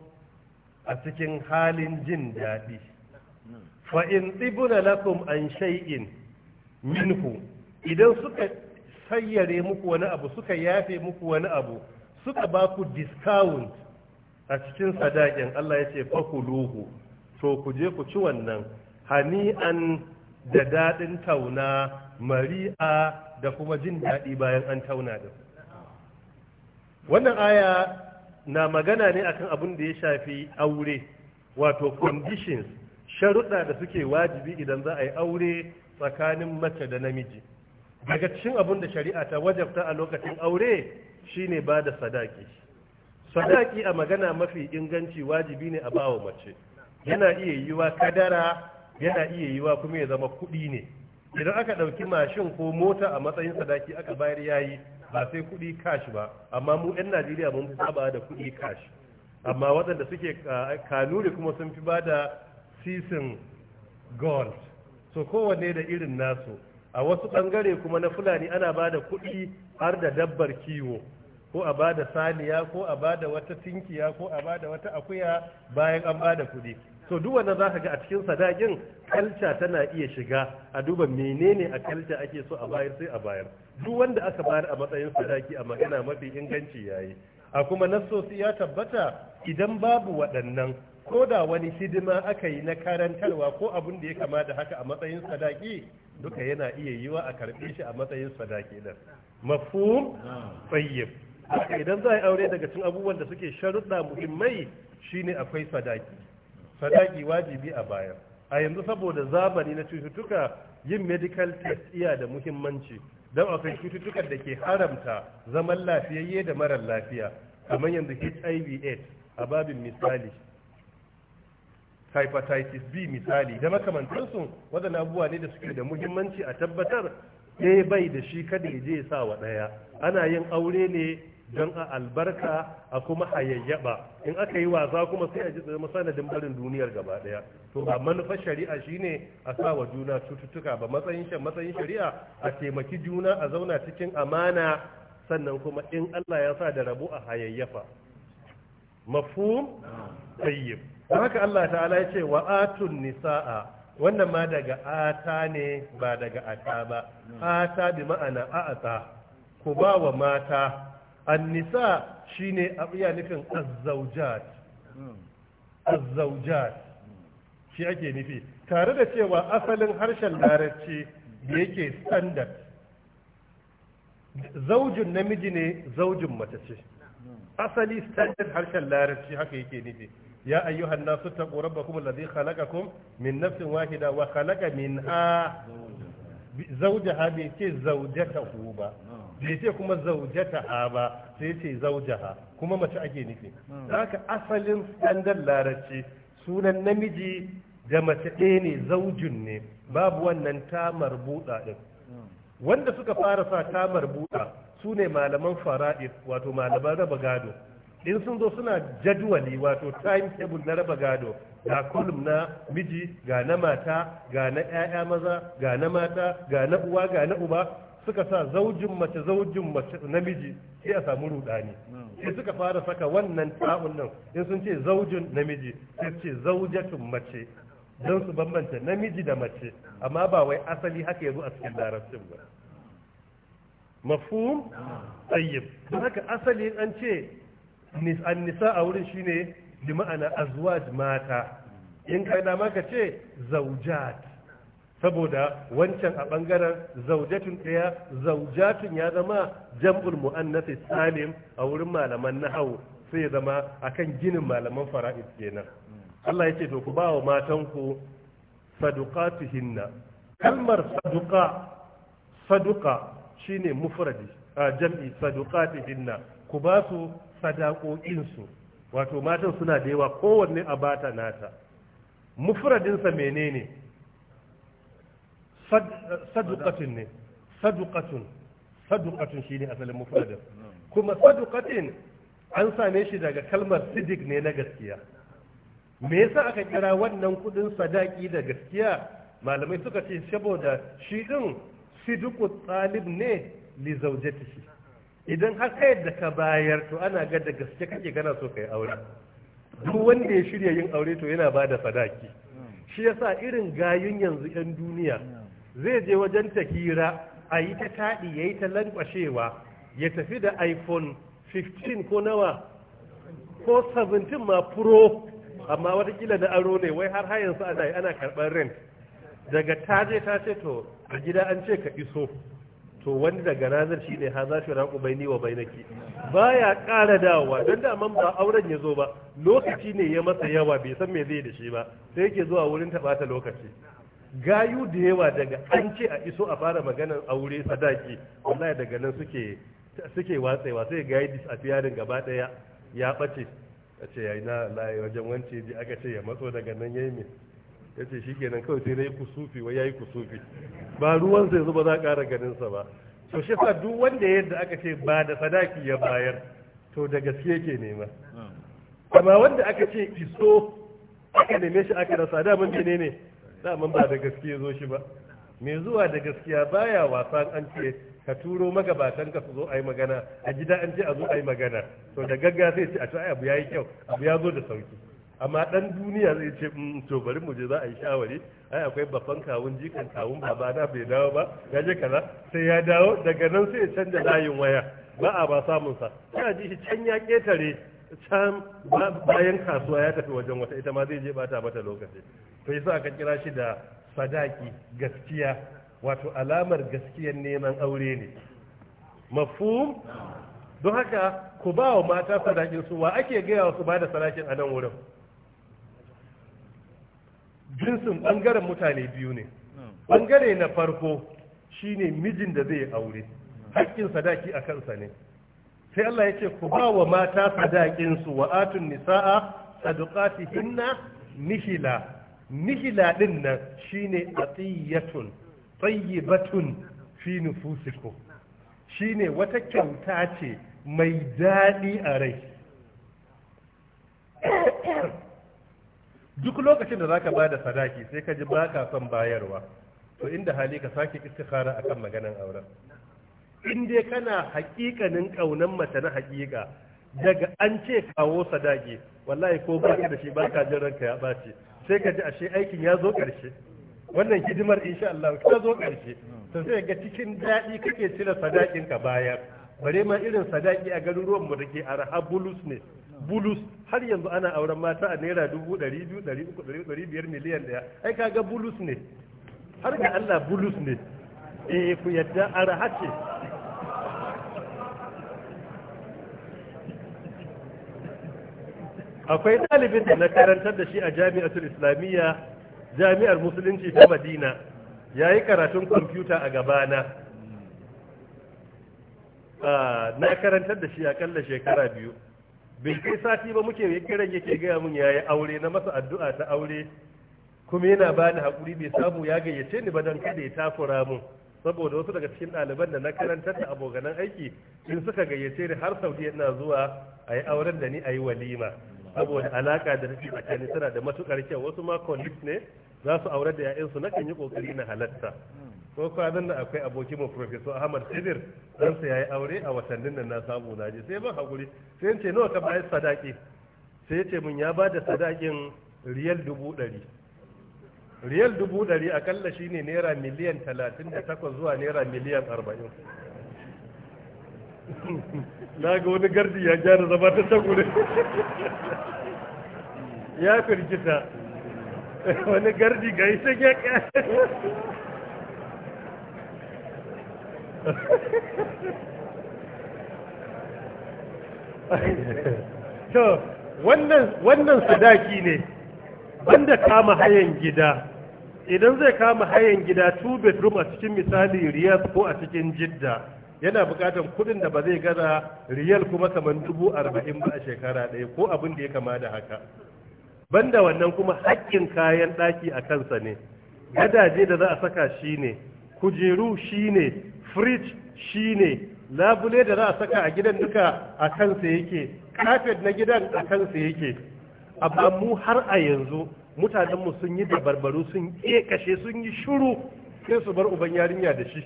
Speaker 1: أتكن حال جن دادي fa in tsibuna lakum an shay'in minhu idan suka sayyare muku wani abu suka yafe muku wani abu suka ba ku discount a cikin sadakin Allah ya ce fakuluhu to ku je ku ci wannan hani'an da dadin tauna mari'a da kuma jin daɗi bayan an tauna da wannan aya na magana ne akan abin da ya shafi aure wato conditions sharuɗa da suke wajibi idan za a yi aure tsakanin mace da namiji daga cikin abin da shari'a ta wajabta a lokacin aure shine ba da sadaki sadaki a magana mafi inganci wajibi ne a bawa mace yana iya yiwa kadara yana iya yiwa kuma ya zama kuɗi ne idan aka ɗauki mashin ko mota a matsayin sadaki aka bayar yayi ba sai kuɗi kashi ba amma mu 'yan najeriya mun fi saba da kuɗi kashi amma waɗanda suke ah, kanuri kuma sun fi bada. sisin gold so kowanne da irin nasu a wasu ɓangare kuma na fulani ana ba da kuɗi har da dabbar kiwo ko a ba da saniya ko a ba wata tinkiya ko a ba wata akuya bayan an bada kuɗi so duk wanda za ka ga a cikin sadakin kalca tana iya shiga a duba menene a kalca ake so a bayar sai a bayar duk wanda aka bayar a matsayin sadaki a magana mafi inganci yayi a kuma nasosi ya tabbata idan babu waɗannan ko da wani hidima aka yi na karantarwa ko abin da ya kama da haka a matsayin sadaki duka yana iya yiwa a karɓe shi a matsayin sadaki din
Speaker 4: mafhum
Speaker 1: tayyib idan za a yi aure daga cikin abubuwan da suke sharuɗa muhimmai shine akwai sadaki sadaki wajibi a bayan a yanzu saboda zamani na cututtuka yin medical test iya da muhimmanci don akwai cututtukan da ke haramta zaman lafiyayye da marar lafiya kamar yanzu hiv aids a babin misali hepatitis b misali da makamantansu waɗanda abubuwa ne da suke da muhimmanci a tabbatar ɗaya bai da shi kada ya je sa wa ɗaya ana yin aure ne don a albarka a kuma hayayyaba in aka yi wasa kuma sai a ji zama sanadin barin duniyar gaba daya to ba manufar shari'a shine a sa wa juna cututtuka ba matsayin shan matsayin shari'a a taimaki juna a zauna cikin amana sannan kuma in Allah ya sa da rabu a hayayyafa mafhum tayyib don haka Allah ta'ala ya ce wa atun nisa'a wannan ma daga ata ne ba daga ata ba ata bi ma'ana a'ata ku ba wa mata ne shine iya nufin azzaujat azzaujat shi ake nufi tare da cewa asalin harshen larabci da yake standard zaujin namiji ne zaujin mace ce asali standard harshen larabci haka yake nufi يا أيها الناس اتقوا ربكم الذي خلقكم من نفس واحدة وخلق منها زوجها بيتي زوجته با بيتي كما زوجتها با سيتي زوجها كما ما تأجي نفي ذاك أصل عند اللارتي سونا النمجي جمتين زوجني باب وانن تامر بوطا wanda suka fara sa tamar buɗa su ne malaman fara'id wato malaman raba in sun zo suna jadwali wato time table na raba gado ga kulum na miji ga na mata ga na ƴaƴa maza ga na mata ga na uwa ga na uba suka sa zaujin mace zaujin mace na miji. sai a samu rudani sai suka fara saka wannan ta'un nan in sun ce zaujin namiji sai ce zaujatun mace don su bambanta namiji da mace amma ba wai asali haka yazo a cikin larabcin ba mafhum tayyib haka asali an ce nisa a wurin shine bi ma'ana azwaj mata in ka dama ka ce zaujat saboda wancan a bangaren zaujatun ɗaya zaujatun ya zama jam'ul mu'annasi salim a wurin malaman nahawu sai ya zama a kan ginin malaman fara'id kenan Allah ya ce to ku ba wa matanku saduqatuhinna kalmar saduqa saduqa shine mufradi a jam'i hinna ku ba su sadaƙoƙinsu wato matan suna da yawa kowanne a bata nata mufradinsa menene saduqatun ne saduqatun saduqatun shine asalin mufradin kuma saduqatin an same shi daga kalmar sidik ne na gaskiya me yasa aka kira wannan kudin sadaki da gaskiya malamai suka ce saboda shi din sidiku talib ne li zaujatihi idan har hayar da ka bayar to ana ga da gaske kake gana so kai aure duk wanda ya shirya yin aure to yana ba da sadaki shi yasa irin gayun yanzu 'yan duniya zai je wajen ta hira a yi ta taɗi ya yi ta lankwashewa ya tafi da iphone 15 ko nawa ko 17 ma pro amma watakila na aro ne wai har hayansu ana ana karɓar rent daga ta je ta ce to a gida an ce ka iso to wani daga ranar shi ne ha za shi raƙo bai wa bainaki. ba ya ƙara dawowa don daman ba auren ya zo ba lokaci ne ya masa yawa bai san me zai da shi ba sai yake zuwa wurin taɓata lokaci gayu da yawa daga an ce a iso a fara maganar aure sadaki wallahi daga nan suke suke watsewa sai a disappearing gaba ɗaya ya ɓace a ce yayi na layi wajen wance ji aka ce ya matso daga nan yayi me ya ce shi kenan kawai sai na yi kusufi wai ya yi kusufi ba ruwan yanzu ba za a ƙara ganinsa ba to shi sa duk wanda yadda aka ce ba da sadaki ya bayar to da gaske ke nema amma wanda aka ce iso aka neme shi aka rasa da mun ne ne mun ba da gaske zo shi ba mai zuwa da gaskiya baya wasan an ce ka turo magabatan ka su zo a yi magana a gida an ce a zo a yi magana to da gaggawa sai ce a to abu yayi kyau abu ya zo da sauki amma dan duniya zai ce mm, to bari mu je za a yi shawari ai akwai babban kawun jikan kawun baba na bai dawo ba ya je kaza sai ya dawo daga nan sai ya canja layin waya ba a ba samun sa ya ji shi can ya ketare can bayan kasuwa ya tafi wajen wata ita ma zai je bata mata lokaci to yasa aka kira shi da sadaki gaskiya wato alamar gaskiyar neman aure ne mafhum don haka ku ba wa mata sadakin su wa ake gaya su ba da sadakin a nan wurin jinsin ɓangaren mutane biyu ne ɓangare na farko shine mijin da zai aure haƙƙin sadaki a kansa ne sai Allah ya ce ku ba wa mata su wa atun nisa'a sadaqatihinna nihila nihila din nan shine atiyatun tayyibatun fi nufusiku shine wata kyauta ce mai daɗi a rai duk lokacin da zaka bada sadaki sai ka ji baka son bayarwa to inda hali ka sake istikhara akan maganan auren in dai kana haƙiƙanin kaunan mace na haƙiƙa daga an ce kawo sadaki wallahi ko baka da shi baka jin ranka ya bace sai ka ji ashe aikin ya zo ƙarshe wannan hidimar insha Allah ta zo ƙarshe to sai ga cikin daɗi kake cire sadakin ka bayar bare ma irin sadaki a garin ruwan mu dake arha bulus ne bulus har yanzu ana auren mata a naira dubu ɗari biyu ɗari uku ɗari biyar miliyan ɗaya ai kaga bulus ne har ga Allah bulus ne eh ku yadda arha ce akwai ɗalibin da na karantar da shi a jami'atul islamiyya jami'ar musulunci ta madina ya yi karatun kwamfuta a gabana Ah, na karantar da shi akalla shekara biyu bai kai sati ba muke kiran yake gaya mun yayi aure na masa addu'a ta aure kuma yana ba ni hakuri bai samu ya gayyace ni ba dan kada ya takura mun saboda wasu daga cikin ɗaliban da na karantar da abokanan aiki in suka gayyace ni har sauti ina zuwa a yi auren da ni a yi walima saboda alaka da a tsakani tana da matukar kyau wasu ma colleagues ne za su aurar da 'ya'yansu na kan yi kokari na halatta ko kwanan da akwai aboki mu professor Ahmad Khidir dan sa yayi aure a watannin nan na samu na je sai ban hakuri sai ce nawa ka bayar sadaki sai ya ce mun ya bada sadakin riyal dubu ɗari riyal dubu ɗari akalla shine naira miliyan talatin da takwas zuwa naira miliyan arba'in na ga wani gardi ya gyara zama ta takure ya firgita
Speaker 2: wani gardi ga isa ya
Speaker 1: to wannan wannan sadaki ne banda kama hayan gida idan zai kama hayan gida two bedroom a cikin misali riyal ko a cikin jidda yana bukatar kudin da ba zai gaza riyal kuma kamar dubu arba'in ba a shekara ɗaya ko abin da ya kama da haka banda wannan kuma haƙƙin kayan ɗaki a kansa ne gadaje da za a saka shi ne kujeru shi ne fridge ne labule da za a saka a gidan duka a kansa yake kafet na gidan a kansa yake amma mu har a yanzu mutanenmu sun yi dabarbaru sun kashe sun yi shuru sai su bar uban yarinya da shi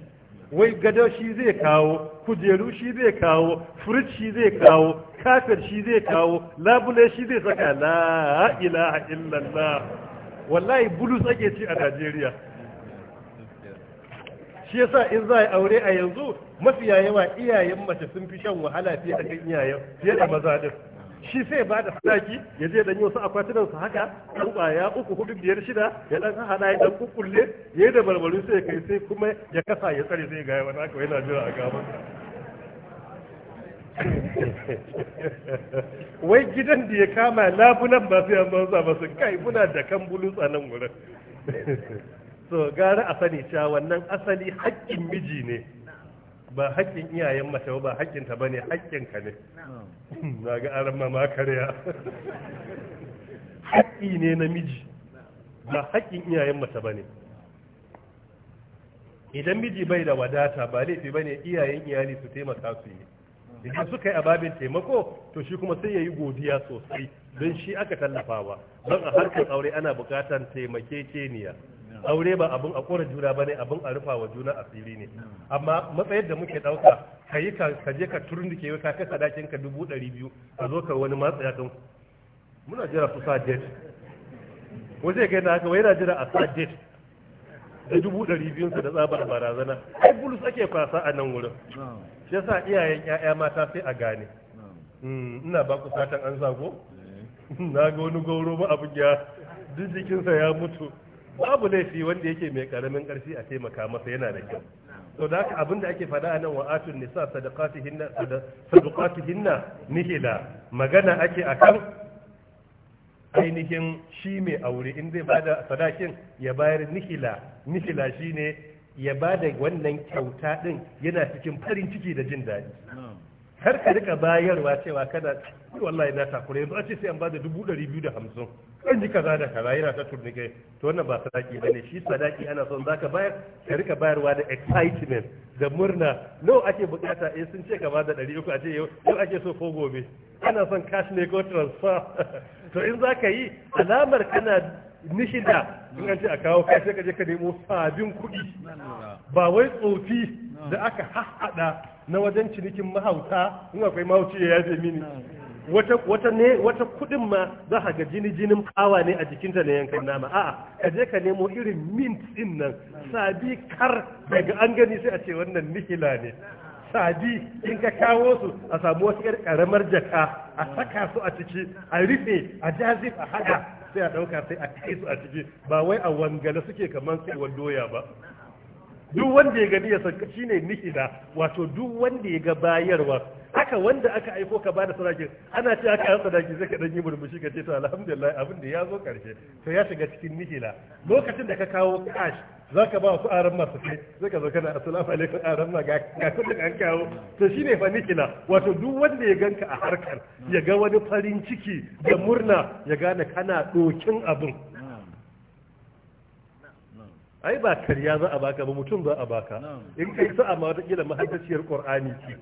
Speaker 1: wai gado shi zai kawo kujeru shi zai kawo firij shi zai kawo kafet shi zai kawo labule shi zai saka la ilaha illallah wallahi bulus ake ci a najeriya shi yasa in za a aure a yanzu mafiya yawa iyayen mace sun fi shan wahala fiye da kan iyayen fiye da maza din shi sai ba da sadaki ya je dan yi wasu akwatunan su haka dan ya uku hudu biyar shida ya dan hada ya dan ya yayi da barbaru sai kai sai kuma ya kasa ya tsare sai ga wani haka yana jira a gaba wai gidan da ya kama labulan ba sai an ba su kai muna da kan bulutsa nan wurin so gara a sani cewa wannan asali haƙƙin miji ne ba haƙƙin iyayen mace ba haƙƙin ta bane haƙƙin ka ne na ga aran mama karya haƙƙi ne na miji ba haƙƙin iyayen mace bane idan miji bai da wadata ba laifi bane iyayen iyali su taimaka su yi idan suka yi babin taimako to shi kuma sai ya yi godiya sosai don shi aka tallafawa don a harkar aure ana bukatar taimakekeniya aure ba abin a kora juna bane abin a rufa wa juna asiri ne amma matsayin da muke dauka kayi ka ka je ka ka kasa sadakin ka dubu ɗari biyu ka zo ka wani matsaya don muna jira su sa date sai kai na haka wai yana jira a sa date da dubu ɗari su da tsabar barazana ai bulus ake fasa a nan wurin shi yasa iyayen 'ya'ya mata sai a gane hmm, ina ba ku satan an zago eh. na ga wani gauro ba abin ya duk jikinsa ya mutu babu laifi wanda yake mai karamin ƙarfi a taimaka masa yana da kyau to da haka abin da ake faɗa a nan wa atun nisa sadaqatihinna sadaqatihinna nihila magana ake akan ainihin shi mai aure in zai bada sadakin ya bayar nihila nihila shine ya bada wannan kyauta din yana cikin farin ciki da jin daɗi kar ka rika bayarwa cewa kada wallahi na takure yanzu a ce sai an bada dubu ɗari biyu da hamsin an ji kaza da kaza yana ta turnike to wannan ba sadaki bane shi sadaki ana son zaka bayar ka rika bayarwa da excitement da murna n'o ake bukata eh sun ce ka bada ɗari uku a ce yau ake so ko gobe ana son cash ne ko transfer to in zaka yi alamar kana nishida in an ce a kawo kashi ka je ka nemo sabin kuɗi ba wai tsofi da aka haɗa na wajen cinikin mahauta in akwai mahauci ya yaje mini wata wata ne wata kudin ma za ka ga jini jinin kawa ne a jikinta ne yankan nama a'a ka je ka nemo irin mint din nan sabi kar daga an gani sai a ce wannan nihila ne sabi in ka kawo su a samu wasu yar karamar jaka a saka su a ciki a rufe a jazib a hada sai a dauka sai a kai su a ciki ba wai a wangala suke kamar sai doya ba duk wanda ya gani ya san ne nihida wato duk wanda ya ga bayarwa haka wanda aka aiko ka bada sadaki ana ce aka yi sadaki sai ka dan murmushi ka ce to alhamdulillah abin da ya zo karshe to ya shiga cikin nihila lokacin da ka kawo cash zaka ba ku aran masu kai sai ka zo kana assalamu alaikum aran ma ga kun an kawo to shine fa nihila wato duk wanda ya ganka a harkar ya ga wani farin ciki da murna ya gane kana dokin abin ai ba karya za a baka ba mutum za a baka in kai sa'a ma watakila mahaddaciyar qur'ani ce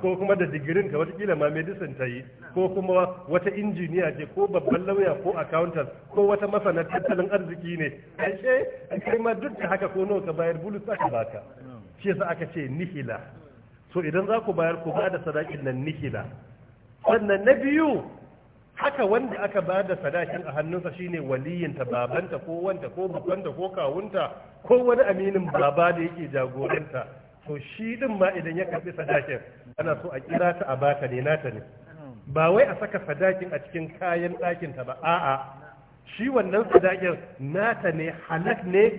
Speaker 1: ko kuma da digirin ka watakila ma medicine ta yi ko kuma wata injiniya ce ko babban lauya ko accountant ko wata masana tattalin arziki ne ashe kai ma duk da haka ko nawa ka bayar bulus aka baka shi yasa aka ce nihila so idan za ku bayar ku ba da sadakin nan nihila sannan na biyu haka wanda aka ba da sadakin a hannunsa shine waliyinta babanta ko wanta ko babanta ko kawunta ko wani aminin baba da yake jagoranta to shi din ma idan ya karbi sadakin ana so a kira ta a baka ne nata ne ba wai a saka sadakin a cikin kayan ɗakin ta ba a'a shi wannan sadakin nata ne halak ne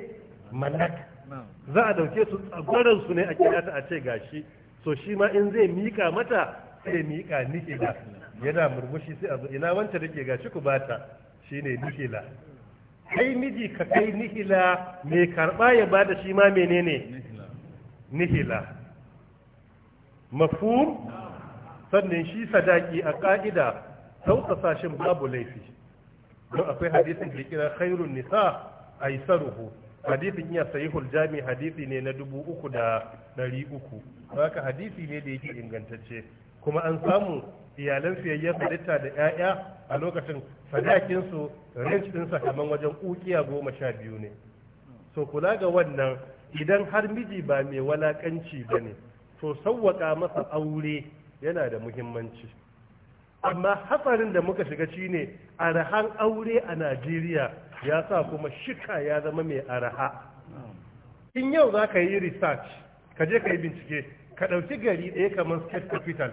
Speaker 1: malak za a dauke su tsagwaron su ne a kira ta a ce gashi To shi ma in zai mika mata sai mika nike yana murmushi sai a ina wanta da ke gashi ku bata shine nihila kai miji ka kai nihila mai karba ya bada shi ma menene nihila mafhum sannan shi sadaki a ka'ida sauƙasa shi babu laifi don akwai hadisin da kira khairun nisa aisaruhu hadisin iya sayi jami hadisi ne na dubu uku da ɗari uku haka hadisi ne da yake ingantacce kuma an samu iyalan fiyayyen halitta da 'ya'ya a lokacin sadakinsu range ɗinsa kamar wajen ukiya goma sha biyu ne so kula ga wannan idan har miji ba mai walakanci ba ne to sauwaka masa aure yana da muhimmanci amma hatsarin da muka shiga shine arahan aure a najeriya ya sa kuma shika ya zama mai araha in yau za ka yi research ka je ka yi bincike ka ɗauki gari ɗaya kamar state capital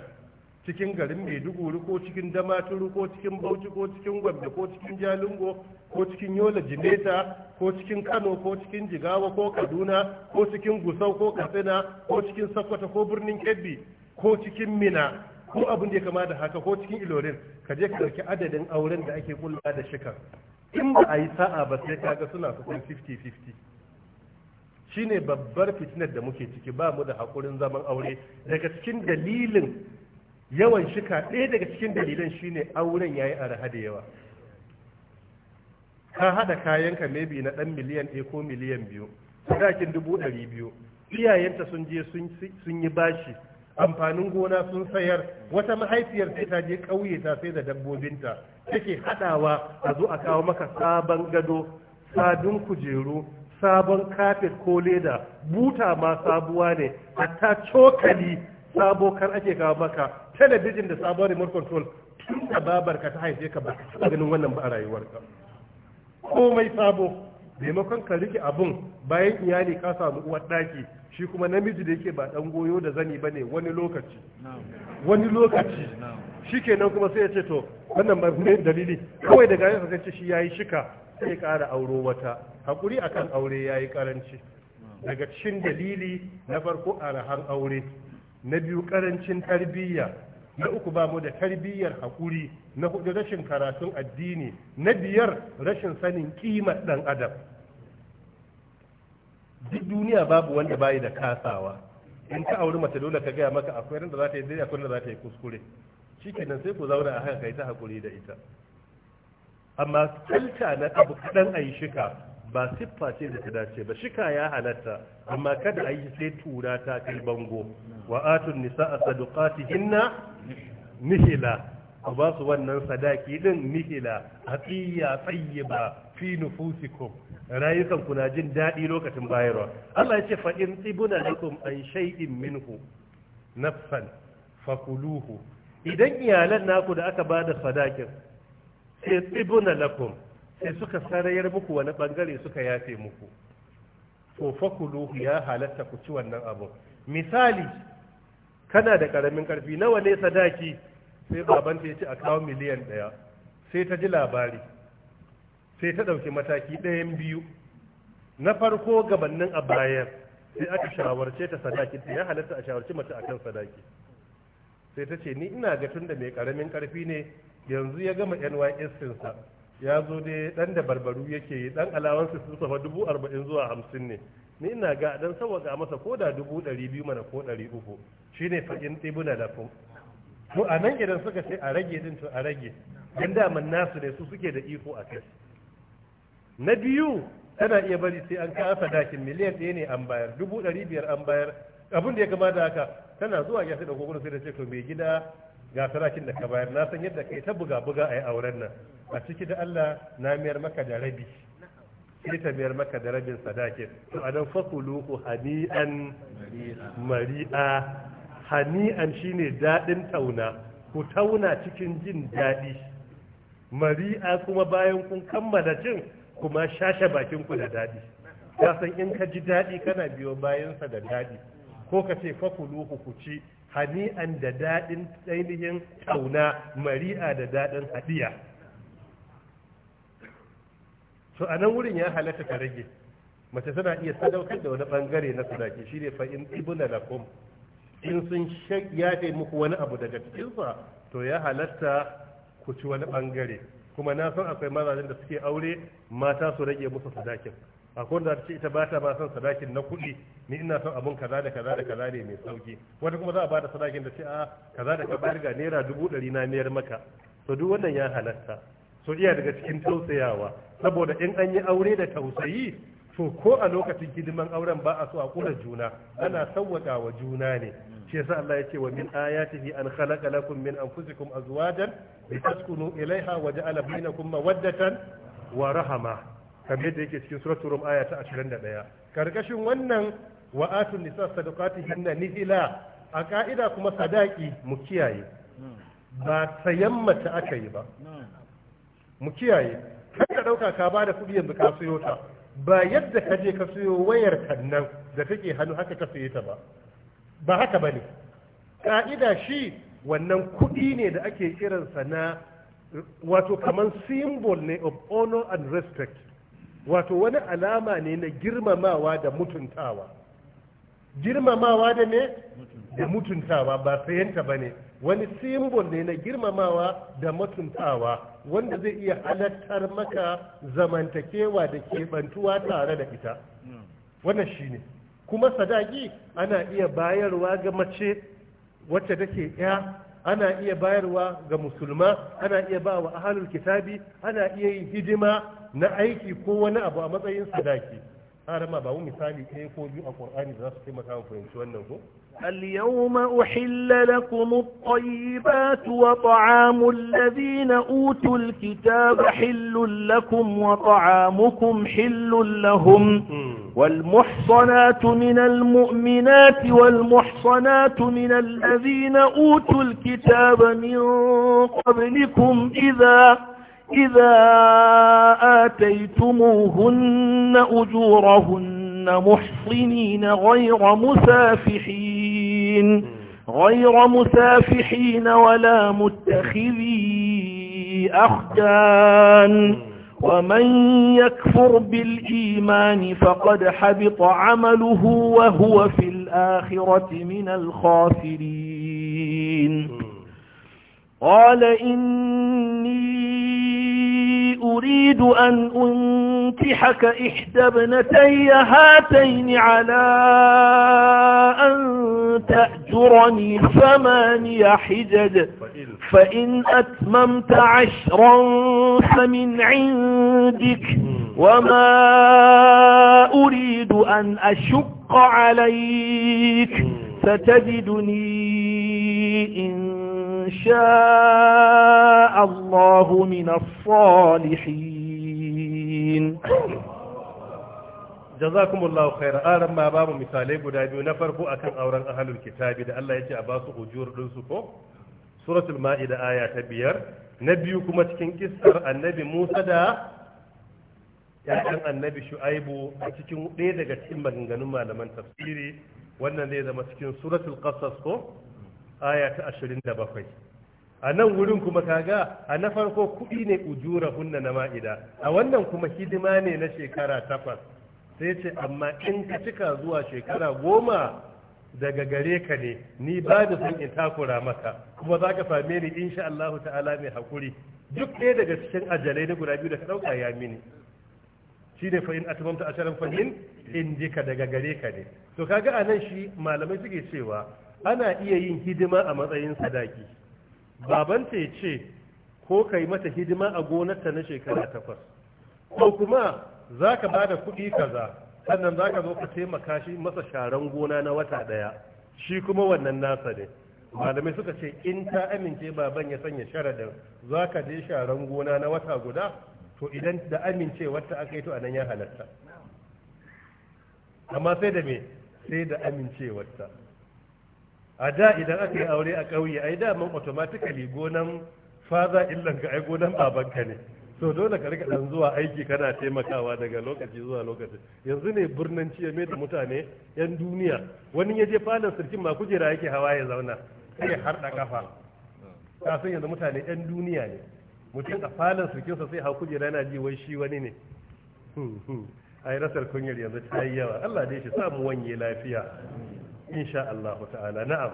Speaker 1: cikin garin maiduguri ko cikin damaturu ko cikin bauchi ko cikin gwamna ko cikin jalingo ko cikin yola jineta ko cikin kano ko cikin jigawa ko kaduna ko cikin gusau ko katsina ko cikin sokoto ko birnin kebbi ko cikin mina ko abin da ya kama da haka ko cikin ilorin ka je ka ɗauki adadin auren da ake kulla da shika in ba a yi sa'a ba sai kaga suna kusan 50-50 shine babbar fitinar da muke ciki ba mu da haƙurin zaman aure daga cikin dalilin yawan shika ɗaya daga cikin dalilan shine auren yayi arha da yawa ka haɗa ka mebi na ɗan miliyan ɗaya ko miliyan biyu sadakin dubu ɗari biyu iyayenta sun je sun yi bashi amfanin gona sun sayar wata mahaifiyar sai ta je ƙauye ta sai da dabbobinta take haɗawa a zo a kawo maka sabon gado sadun kujeru sabon kafet ko leda buta ma sabuwa ne hatta cokali sabo kar ake kawo maka talabijin da sabon remote control tun da babarka ta haife ka ba a ganin wannan ba a rayuwarka komai sabo maimakon ka rike abun bayan iyali ka samu uwar daki shi kuma namiji da yake ba dan goyo da zani ba ne wani lokaci wani lokaci shi kenan kuma sai ya ce to wannan ba ne dalili kawai daga yin sai shi shi yi shika sai kara auro wata hakuri kan aure ya yi karanci daga cikin dalili na farko a arahan aure na biyu karancin tarbiyya na uku ba mu da tarbiyyar hakuri, na hudu rashin karatun addini na biyar rashin sanin ƙimar ɗan adam duk duniya babu wanda bayi da kasawa in ka auri mace dole ka gaya maka akwai randa za ta yi akwai randa za ta yi kuskure shikenan sai ku zauna a haka kai ta hakuri da ita amma kalta na abu kaɗan a shika ba siffa ce da ta dace ba shika ya halatta amma kada a yi sai tura ta kai bango wa atun nisa a hinna? nihila ku ba su wannan sadaki din nihila atiya tayyiba fi nufusikum rayukan ku na jin daɗi lokacin bayarwa Allah ya ce fa in tibuna lakum an shay'in minhu nafsan fakuluhu idan iyalan naku da aka bada sadakin sai tibuna lakum sai suka sarayar muku wani bangare suka yafe muku to fakulu ya halatta ku ci wannan abu misali kana da karamin karfi nawa ne sadaki sai baban ya ci a kawo miliyan ɗaya sai ta ji labari sai ta ɗauki mataki ɗayan biyu na farko gabannin a bayan sai aka shawarce ta sadaki ta ya halatta a shawarci mace akan sadaki sai ta ce ni ina ga tunda mai karamin karfi ne yanzu ya gama nys sa ya zo dai dan da barbaru yake yi dan alawansa sun safa dubu arba'in zuwa hamsin ne ni ina ga dan sawaka masa ko da dubu ɗari biyu mana ko ɗari uku shine fa'in tibuna da fu to a nan idan suka ce a rage din to a rage dan man nasu ne su suke da iko a kai na biyu tana iya bari sai an kawo sadakin miliyan ɗaya ne an bayar dubu ɗari biyar an bayar abin da ya kamata haka tana zuwa ya sai da gobe sai da ce to mai gida ga sadakin da ka bayar na san yadda kai ta buga buga a yi auren nan a ciki da Allah na miyar maka da rabi sai ta miyar maka da rabin sadakin to a nan fakuluhu hani'an mari'a hani'an shine daɗin tauna ku tauna cikin jin daɗi mari'a kuma bayan kun kammala cin kuma shashe bakin ku da daɗi ka san in ka ji daɗi kana biyo bayansa da daɗi ko ka ce fakuluhu ku ci hani'an da daɗin ainihin ƙauna, mari'a da daɗin haɗiya. to a nan wurin ya halatta ka rage mace tana iya sadaukar da wani ɓangare na sadaki ne fa in na lakum in sun yafe muku wani abu daga cikinsa to ya halatta ku ci wani ɓangare. kuma na san akwai mazajen da suke aure mata su rage musu sadakin akwai wanda ce ita ba ta ba son sadakin na kuɗi ni ina son abun kaza da kaza da kaza ne mai sauki wata kuma za a bada sadakin da ce a kaza da kaza ga naira dubu ɗari na miyar maka to duk wannan ya halatta so iya daga cikin tausayawa saboda in an yi aure da tausayi to ko a lokacin hidiman auren ba a so a kula juna ana sawwaka wa juna ne shi yasa Allah ya ce wa min ayatihi an khalaqa lakum min anfusikum azwajan litaskunu ilaiha wa ja'ala bainakum mawaddatan wa rahama kamar yadda yake cikin suratul rum aya ta 21 karkashin wannan wa atun nisa sadaqatihinna nihila a ka'ida kuma sadaki mu kiyaye ba sayan mace aka yi ba mu kiyaye kan ka dauka ka ba da kuɗi yanzu ka siyo ta ba yadda ka je ka siyo wayar kannan da take hannu haka ka siye ta ba ba haka bane ka'ida shi wannan kuɗi ne da ake kiransa na wato kaman symbol ne of honor and respect wato wani alama ne na girmamawa da mutuntawa girmamawa da ne da mutuntawa ba sayanta ba ne wani simbol ne na girmamawa da mutuntawa wanda zai iya halattar maka zamantakewa da keɓantuwa tare da ita wannan shi ne kuma sadaki ana iya bayarwa ga mace wacce take ya ana iya bayarwa ga musulma ana iya ba wa ahalul kitabi ana iya yin hidima na aiki ko wani abu a matsayin sadaki harama ba mu misali ɗaya ko biyu a ƙur'ani za su taimaka
Speaker 2: mu fahimci wannan ko
Speaker 4: اليوم أحل لكم الطيبات وطعام الذين أوتوا الكتاب حل لكم وطعامكم حل لهم والمحصنات من المؤمنات والمحصنات من الذين أوتوا الكتاب من قبلكم إذا إذا آتيتموهن أجورهن محصنين غير مسافحين مصبحين غير مسافحين ولا متخذي أخدان ومن يكفر بالإيمان فقد حبط عمله وهو في الآخرة من الخاسرين قال إني أريد أن أنكحك إحدى ابنتي هاتين على أن تأجرني ثماني حجج فإن أتممت عشرا فمن عندك وما أريد أن أشق عليك ستجدني إن شاء الله من الصالحين
Speaker 1: jazakum Allah khair aran ma babu misalai guda biyu na farko akan auren ahlul kitabi da Allah ya ce a basu ujur din su ko suratul aya ta biyar na biyu kuma cikin kissar annabi Musa da ya'yan annabi Shu'aibu a cikin ɗaya daga cikin maganganun malaman tafsiri wannan zai zama cikin suratul qasas aya ta 27 a nan wurin kuma kaga a na farko kuɗi ne ujura hunna na ma'ida a wannan kuma hidima ne na shekara takwas sai ce amma in ka cika zuwa shekara goma daga gare ka ne ni ba da son in takura maka kuma za ka same ni insha Allah ta'ala mai hakuri duk ɗaya daga cikin ajalai na guda biyu da ka ɗauka ya mini shi ne fa'in a tumamta ashirin fahim in ka daga gare ka ne to kaga a nan shi malamai suke cewa ana iya yin hidima a matsayin sadaki babanta ya ce ko ka yi mata hidima a gonarta na shekara takwas ko kuma za ka ba da kuɗi kaza sannan za ka zo ka taimaka shi masa sharan gona na wata ɗaya shi kuma wannan nasa ne malamai suka ce in ta amince baban ya sanya sharadin za ka je sharan gona na wata guda to idan da wata aka yi to anan ya halarta. amma sai da me sai da amincewarta a da idan aka yi aure a ƙauye yi daman automatically gonan faza illan ka ai gonan babanka ne so dole ka rika dan zuwa aiki kana taimakawa daga lokaci zuwa lokaci yanzu ne birnin ciye mai da mutane yan duniya wani ya je falon sarkin ma kujera yake hawa ya zauna kai har da kafa kafin yanzu mutane yan duniya ne mutum a falon sa sai hau kujera yana ji wai shi wani ne hmm, hmm. ai rasar kunyar yanzu ta yi yawa Allah dai shi samu wanye lafiya
Speaker 4: إن شاء الله تعالى نعم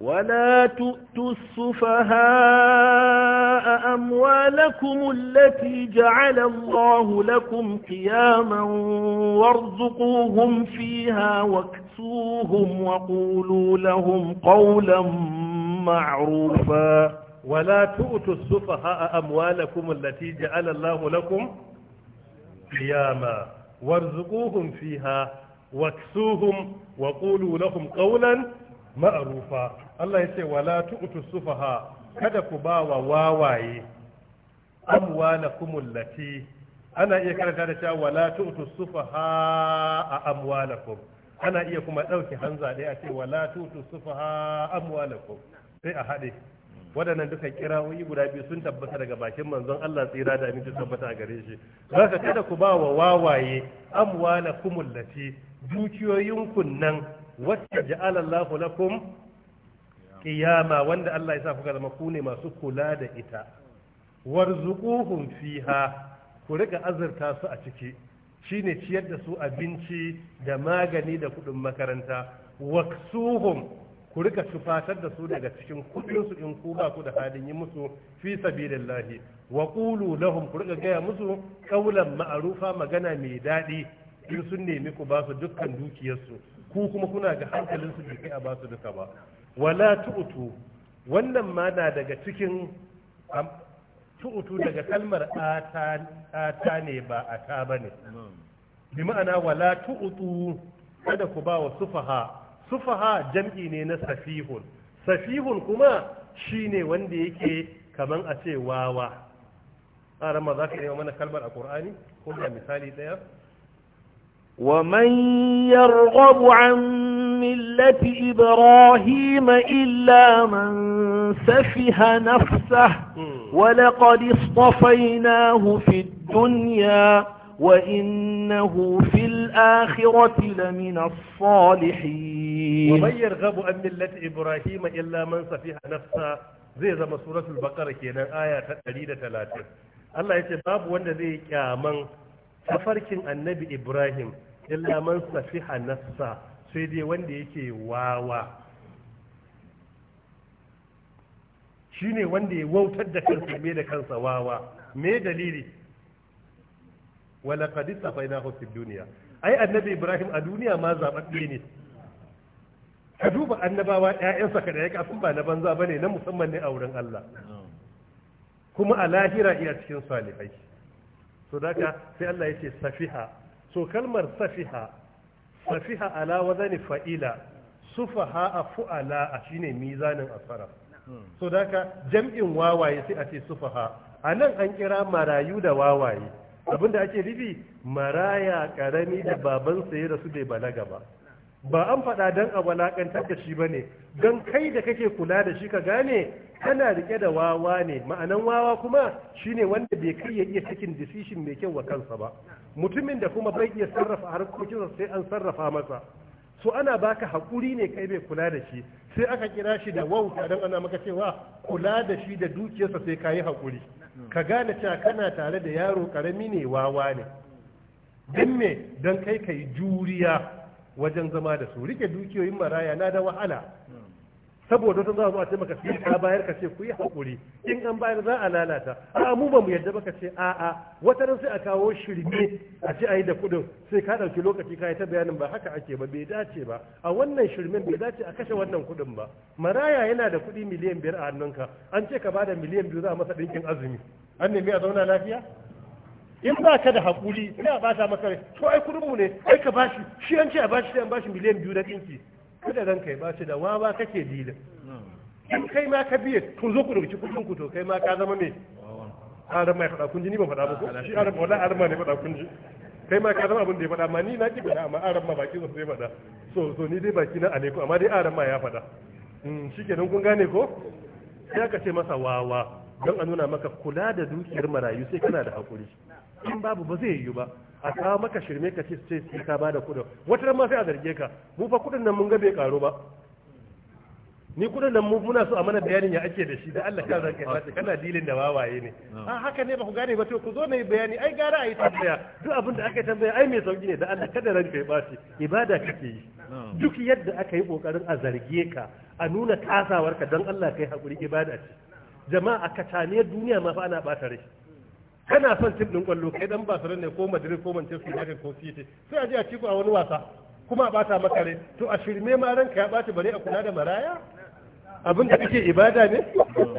Speaker 4: ولا تؤتوا السفهاء أموالكم التي جعل الله لكم قياما وارزقوهم فيها واكسوهم وقولوا لهم قولا معروفا ولا تؤتوا السفهاء
Speaker 1: أموالكم التي جعل الله لكم قياما warzuquhum fiha waksuhum wa qulu lahum qawlan ma'rufa Allah yace wala tu'tu kada ku ba wa wawaye amwalakum allati ana iya karanta da cewa wala tu'tu sufaha a amwalakum ana iya kuma dauke hanza dai a ce wala tu'tu sufaha amwalakum sai a hade waɗannan duka kirawoyi guda biyu sun tabbata daga bakin manzon Allah tsira da aminci tabbata a gare shi Za ka kada ku ba wa wawaye amwala kumullati dukiyoyin kunnan wacce ja'ala Allahu lakum qiyama wanda Allah ya sa kuka zama ku ne masu kula da ita warzuquhum fiha ku rika azurta su a ciki shine ciyar da su abinci da magani da kuɗin makaranta waksuhum ku rika tufatar da su daga cikin kudin su in ku ba ku da halin yi musu fi sabilillahi wa qulu lahum ku rika gaya musu qawlan ma'rufa magana mai dadi in sun nemi ku ba su dukkan dukiyarsu ku kuma kuna ga hankalin su bai a ba su duka ba wala tu'tu wannan ma na daga cikin tu'tu daga kalmar ata ne ba ata bane bi ma'ana wala tu'tu kada ku ba wa sufaha sufaha jam'i ne na safihun safihun kuma shine wanda yake kaman a ce wawa a rama za ka nema mana kalmar a ƙur'ani ko da misali ɗaya
Speaker 4: ومن يرغب عن ملة إبراهيم إلا من سفه نفسه ولقد اصطفيناه في الدنيا وإنه في الآخرة لمن الصالحين ومن يرغب عن ملة
Speaker 1: إبراهيم إلا من سفيها نفسه zai zama suratul baqara kenan aya ta da talatin Allah ya ce babu wanda zai kyaman tafarkin annabi Ibrahim illa man safiha nafsa sai dai wanda yake wawa shine wanda ya wautar da kansa me da kansa wawa me dalili wala qad safainahu fid dunya ai annabi Ibrahim a duniya ma zababbe ne ka duba annabawa ƴaƴansa ka da ya kafin ba na banza bane na musamman ne a wurin Allah kuma a lahira iya cikin salihai so daga sai Allah ya ce safiha so kalmar safiha safiha ala zani fa'ila sufaha a fu'ala a shine mizanin asara so daga jam'in wawaye sai a ce sufaha a nan an kira marayu da wawaye abinda ake rifi maraya karami da babansa ya rasu bai balaga ba ba an faɗa don a walaƙantar da shi ba ne don kai da kake kula da shi ka gane kana rike da wawa ne ma'anan wawa kuma shine wanda bai kai ya iya cikin decision mai kyau wa kansa ba mutumin da kuma bai iya sarrafa harkokinsa sai an sarrafa masa so ana baka haƙuri ne kai bai kula da shi sai aka kira shi da wauta don ana maka cewa kula da shi da dukiyarsa sai ka yi haƙuri ka gane cewa kana tare da yaro karami ne wawa ne don me don kai ka yi juriya wajen zama da su rike dukiyoyin maraya na da wahala saboda wata za a ce maka sai ka bayar ka ce ku yi hakuri in an bayar za a lalata a mu ba mu yadda baka ce a a wata ran sai a kawo shirme a ce a yi da kudin sai ka ɗauki lokaci ka yi ta bayanin ba haka ake ba bai dace ba a wannan shirmen bai dace a kashe wannan kudin ba maraya yana da kuɗi miliyan biyar a hannunka an ce ka bada miliyan biyu za a masa ɗinkin azumi an nemi a zauna lafiya in ba ka da haƙuri ina a ta maka to ai kudin mu ne ai ka bashi shi an ce a bashi sai an bashi miliyan biyu na ɗinki kada kai ba bashi da wawa kake dilin in kai ma ka biye to zo ku dauki kudin ku to kai ma ka zama me aran mai faɗa kun ji ni ban faɗa ba ko shi aran wallahi aran ma ne faɗa kun ji kai ma ka zama abin da ya faɗa amma ni na ki faɗa amma aran ma baki zai faɗa so so ni dai baki na aleku amma dai aran ma ya faɗa hmm, shi kenan kun gane ko sai aka ce masa wawa don a nuna maka kula da dukiyar marayu sai kana da haƙuri in babu ba zai yiwu ba a kawo maka shirme ka ce sai sai ka bada kudin wata ma sai a zarge ka mu fa kudin nan mun ga bai karo ba ni kudin nan muna so a mana bayanin ya ake da shi da Allah ka zarge ka ce kana dilin da wawaye ne a haka ne ba ku gane ba to ku zo ne bayani ai gara ayi tambaya duk abin da aka tambaya ai mai sauki ne da Allah kada ranka ya bashi ibada kake yi duk yadda aka yi kokarin a zarge ka a nuna kasawarka don Allah kai hakuri ibada ce jama'a a kataniyar duniya ma fa ana bata rai kana son tip ɗin kwallo kai dan Barcelona ne ko Madrid ko Manchester United ko City sai a je a ciko a wani wasa kuma a bata maka to a shirme ma ranka ya bata bare a kula da maraya abin da kake ibada ne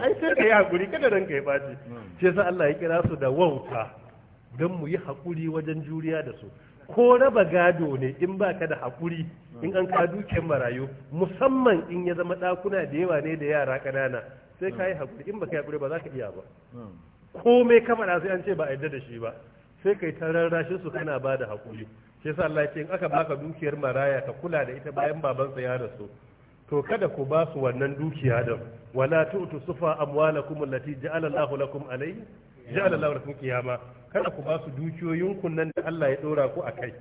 Speaker 1: ai sai kai hakuri kada ranka ya bace shi yasa Allah ya kira su da wauta don mu yi hakuri wajen juriya da su ko raba gado ne in ba ka da hakuri in an ka dukiyar marayu musamman in ya zama dakuna da yawa ne da yara kanana sai ka yi hakuri in ba ka yi hakuri ba za ka iya ba komai kama da sai an ce ba a yadda da shi ba sai kai ta rarrashin su kana ba da haƙuri shi yasa Allah ce in aka baka dukiyar maraya ka kula da ita bayan babansa ya rasu to kada ku ba su wannan dukiya da wala tu'tu sufa amwalakum allati ja'ala Allahu lakum alayhi ja'ala Allahu lakum qiyama kada ku ba su dukiyoyin kun nan da Allah ya dora ku akai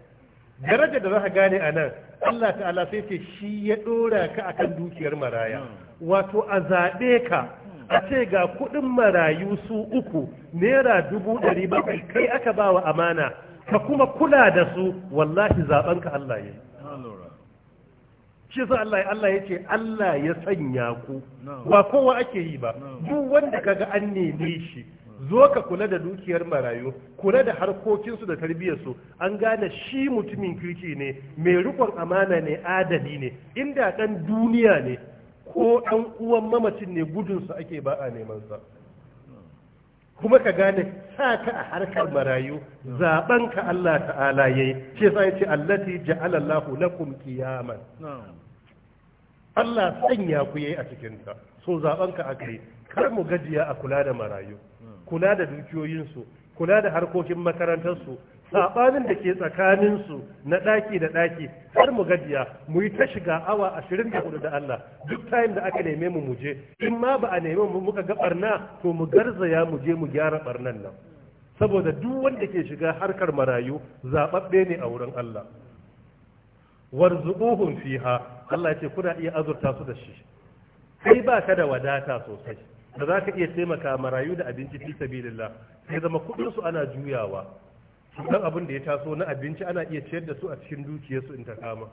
Speaker 1: daraja da zaka gane anan Allah ta'ala sai ce shi ya dora ka akan dukiyar maraya hmm. wato a zabe ka hmm. a ce ga kuɗin marayu su uku naira dubu ɗari bakwai kai aka ba wa amana ka kuma kula da su wallahi zaɓanka ka Allah ya shi Allah Allah ya ce Allah ya sanya ku ba kowa ake yi ba duk wanda kaga an neme shi zo ka kula da dukiyar marayu kula da harkokinsu da tarbiyyarsu an gane shi mutumin kirki ne mai rikon amana ne adali ne inda dan duniya ne ko ɗan uwan mamacin ne gudunsa ake ba a neman sa kuma ka gane sa ka a harkar marayu zaben ka Allah ta'ala yayi shi yasa yace allati ja'ala Allahu lakum qiyaman Allah sanya ku yayi a cikin ta so zaben ka akai kar mu gajiya a kula da marayu kula da dukiyoyin kula da harkokin makarantarsu. saɓanin da ke tsakaninsu na ɗaki da ɗaki har mu gajiya mu yi ta shiga awa ashirin da hudu da Allah duk tayin da aka neme mu muje in ma ba a neme mu muka ga barna to mu garzaya mu je mu gyara barnan nan saboda duk wanda ke shiga harkar marayu zaɓaɓɓe ne a wurin Allah warzuquhum fiha Allah ce kuna iya azurta su da shi kai ba ka da wadata sosai da za ka iya taimaka marayu da abinci fi sabilillah sai zama kuɗinsu ana juyawa dan abin da ya taso na abinci ana iya ciyar da su a cikin dukiyarsu in ta kama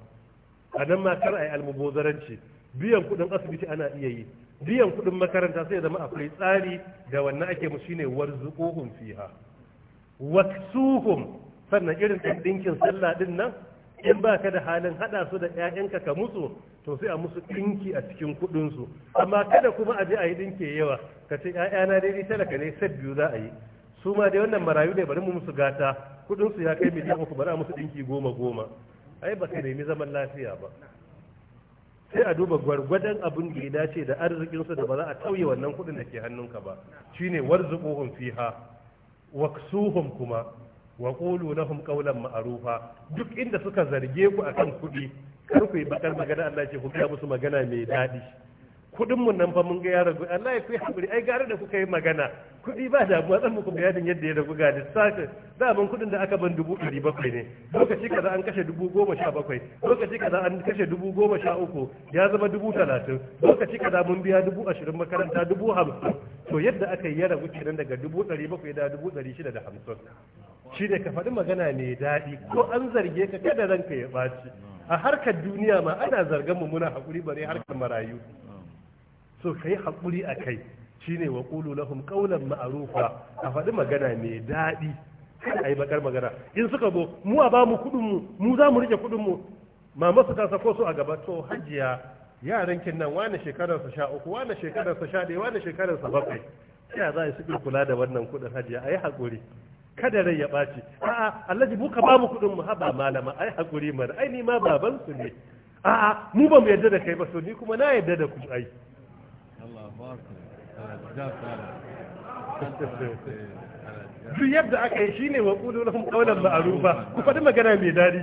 Speaker 1: a nan ma kar a yi almubozaranci biyan kuɗin asibiti ana iya yi biyan kuɗin makaranta sai zama akwai tsari da wannan ake mu shine warzuquhum fiha waksuhum sannan irin ɗinkin sallah din nan in ba ka da halin haɗa su da 'ya'yanka ka musu to sai a musu ɗinki a cikin kuɗinsu amma kada kuma a je a yi dinki yawa ka ce 'ya'yana daidai talaka ne set biyu za a yi su ma dai wannan marayu ne bari mu musu gata kudin su ya kai miliyan uku bari a musu dinki goma goma ai ba ka nemi zaman lafiya ba sai a duba gwargwadon abin da ya dace da arzikin su da ba za a tauye wannan kudin da ke hannunka ba shine warzuquhum fiha waksuhum kuma wa qulu lahum qawlan ma'rufa duk inda suka zarge ku akan kudi kar ku yi bakar magana Allah ya ce ku biya musu magana mai daɗi. kudin mu nan fa mun ga ya ragu Allah ya kai hakuri ai gare da kuka yi magana kudi ba da mu zan muku bayanin yadda ya ragu ga lissafi da mun kudin da aka ban dubu ɗari bakwai ne lokaci kaza an kashe dubu goma sha bakwai lokaci kaza an kashe dubu goma sha uku ya zama dubu talatin lokaci kaza mun biya dubu ashirin makaranta dubu hamsin to yadda aka yi ya ragu kenan daga dubu ɗari bakwai da dubu ɗari shida da hamsin shi ne ka faɗi magana ne daɗi ko an zarge ka kada ranka ya ɓaci a harkar duniya ma ana zargan mu muna haƙuri bare harkar marayu so kai haƙuri a kai shine wa ƙulu lahum ƙaunar ma'arufa a faɗi magana mai daɗi kada a yi baƙar magana in suka zo mu a ba mu kuɗin mu mu za mu rike kuɗin mu mama su ta sako su a gaba to hajiya yaran kin nan wani shekarar sa sha uku wani shekarar sa sha ɗaya wani shekarar sa bakwai ya za a su kula da wannan kuɗin hajiya a yi haƙuri kada rai ya ɓaci a'a allaji mu ka ba mu kuɗin mu haɓa malama ai haƙuri mana ai ni ma babansu ne a'a mu ba mu yarda da kai ba so ni kuma na yarda da ku ai
Speaker 2: duk
Speaker 1: yadda aka yi shine wa kudu lahum maarufa ma'rufa ku faɗi magana mai dadi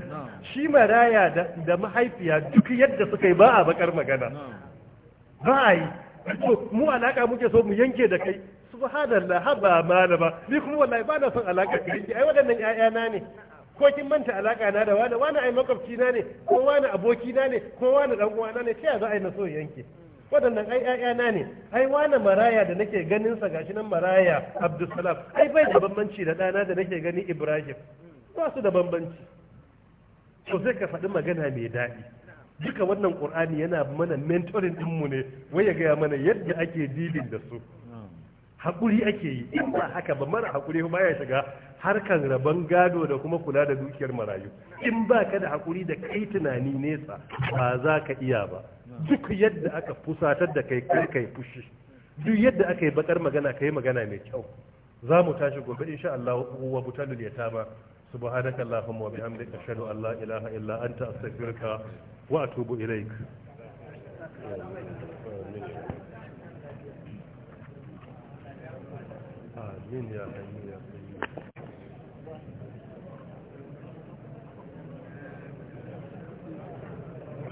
Speaker 1: shi maraya da mahaifiya duk yadda suka yi ba a bakar magana ba a yi mu alaka muke so mu yanke da kai subhanallah haba malama ni kuma wallahi ba na son alaka yanke ai waɗannan ƴaƴana ne ko kin manta alaka na da wani wani ai makwabci na ne ko wani aboki na ne ko wani dan uwa na ne ta za a yi na so yanke waɗannan ai ƴaƴana ne ai wani maraya da nake ganin sa gashi nan maraya abdulsalam ai bai da bambanci da ɗana da nake gani ibrahim ba su da bambanci to sai ka faɗi magana mai daɗi duka wannan qur'ani yana mana mentoring ɗinmu ne wai ya gaya mana yadda ake dealing da su hakuri ake yi in ba haka ba mara hakuri ba ya shiga harkan rabon gado da kuma kula da dukiyar marayu in ba ka da hakuri da kai tunani nesa ba za ka iya ba duk yadda aka fusatar da kai kai kai fushi duk yadda aka yi bakar magana kai magana mai kyau za mu tashi gobe insha Allah wa butalul yataba subhanaka allahumma wa bihamdika ashhadu an la ilaha illa anta astaghfiruka wa atubu ilaik آمين
Speaker 2: يا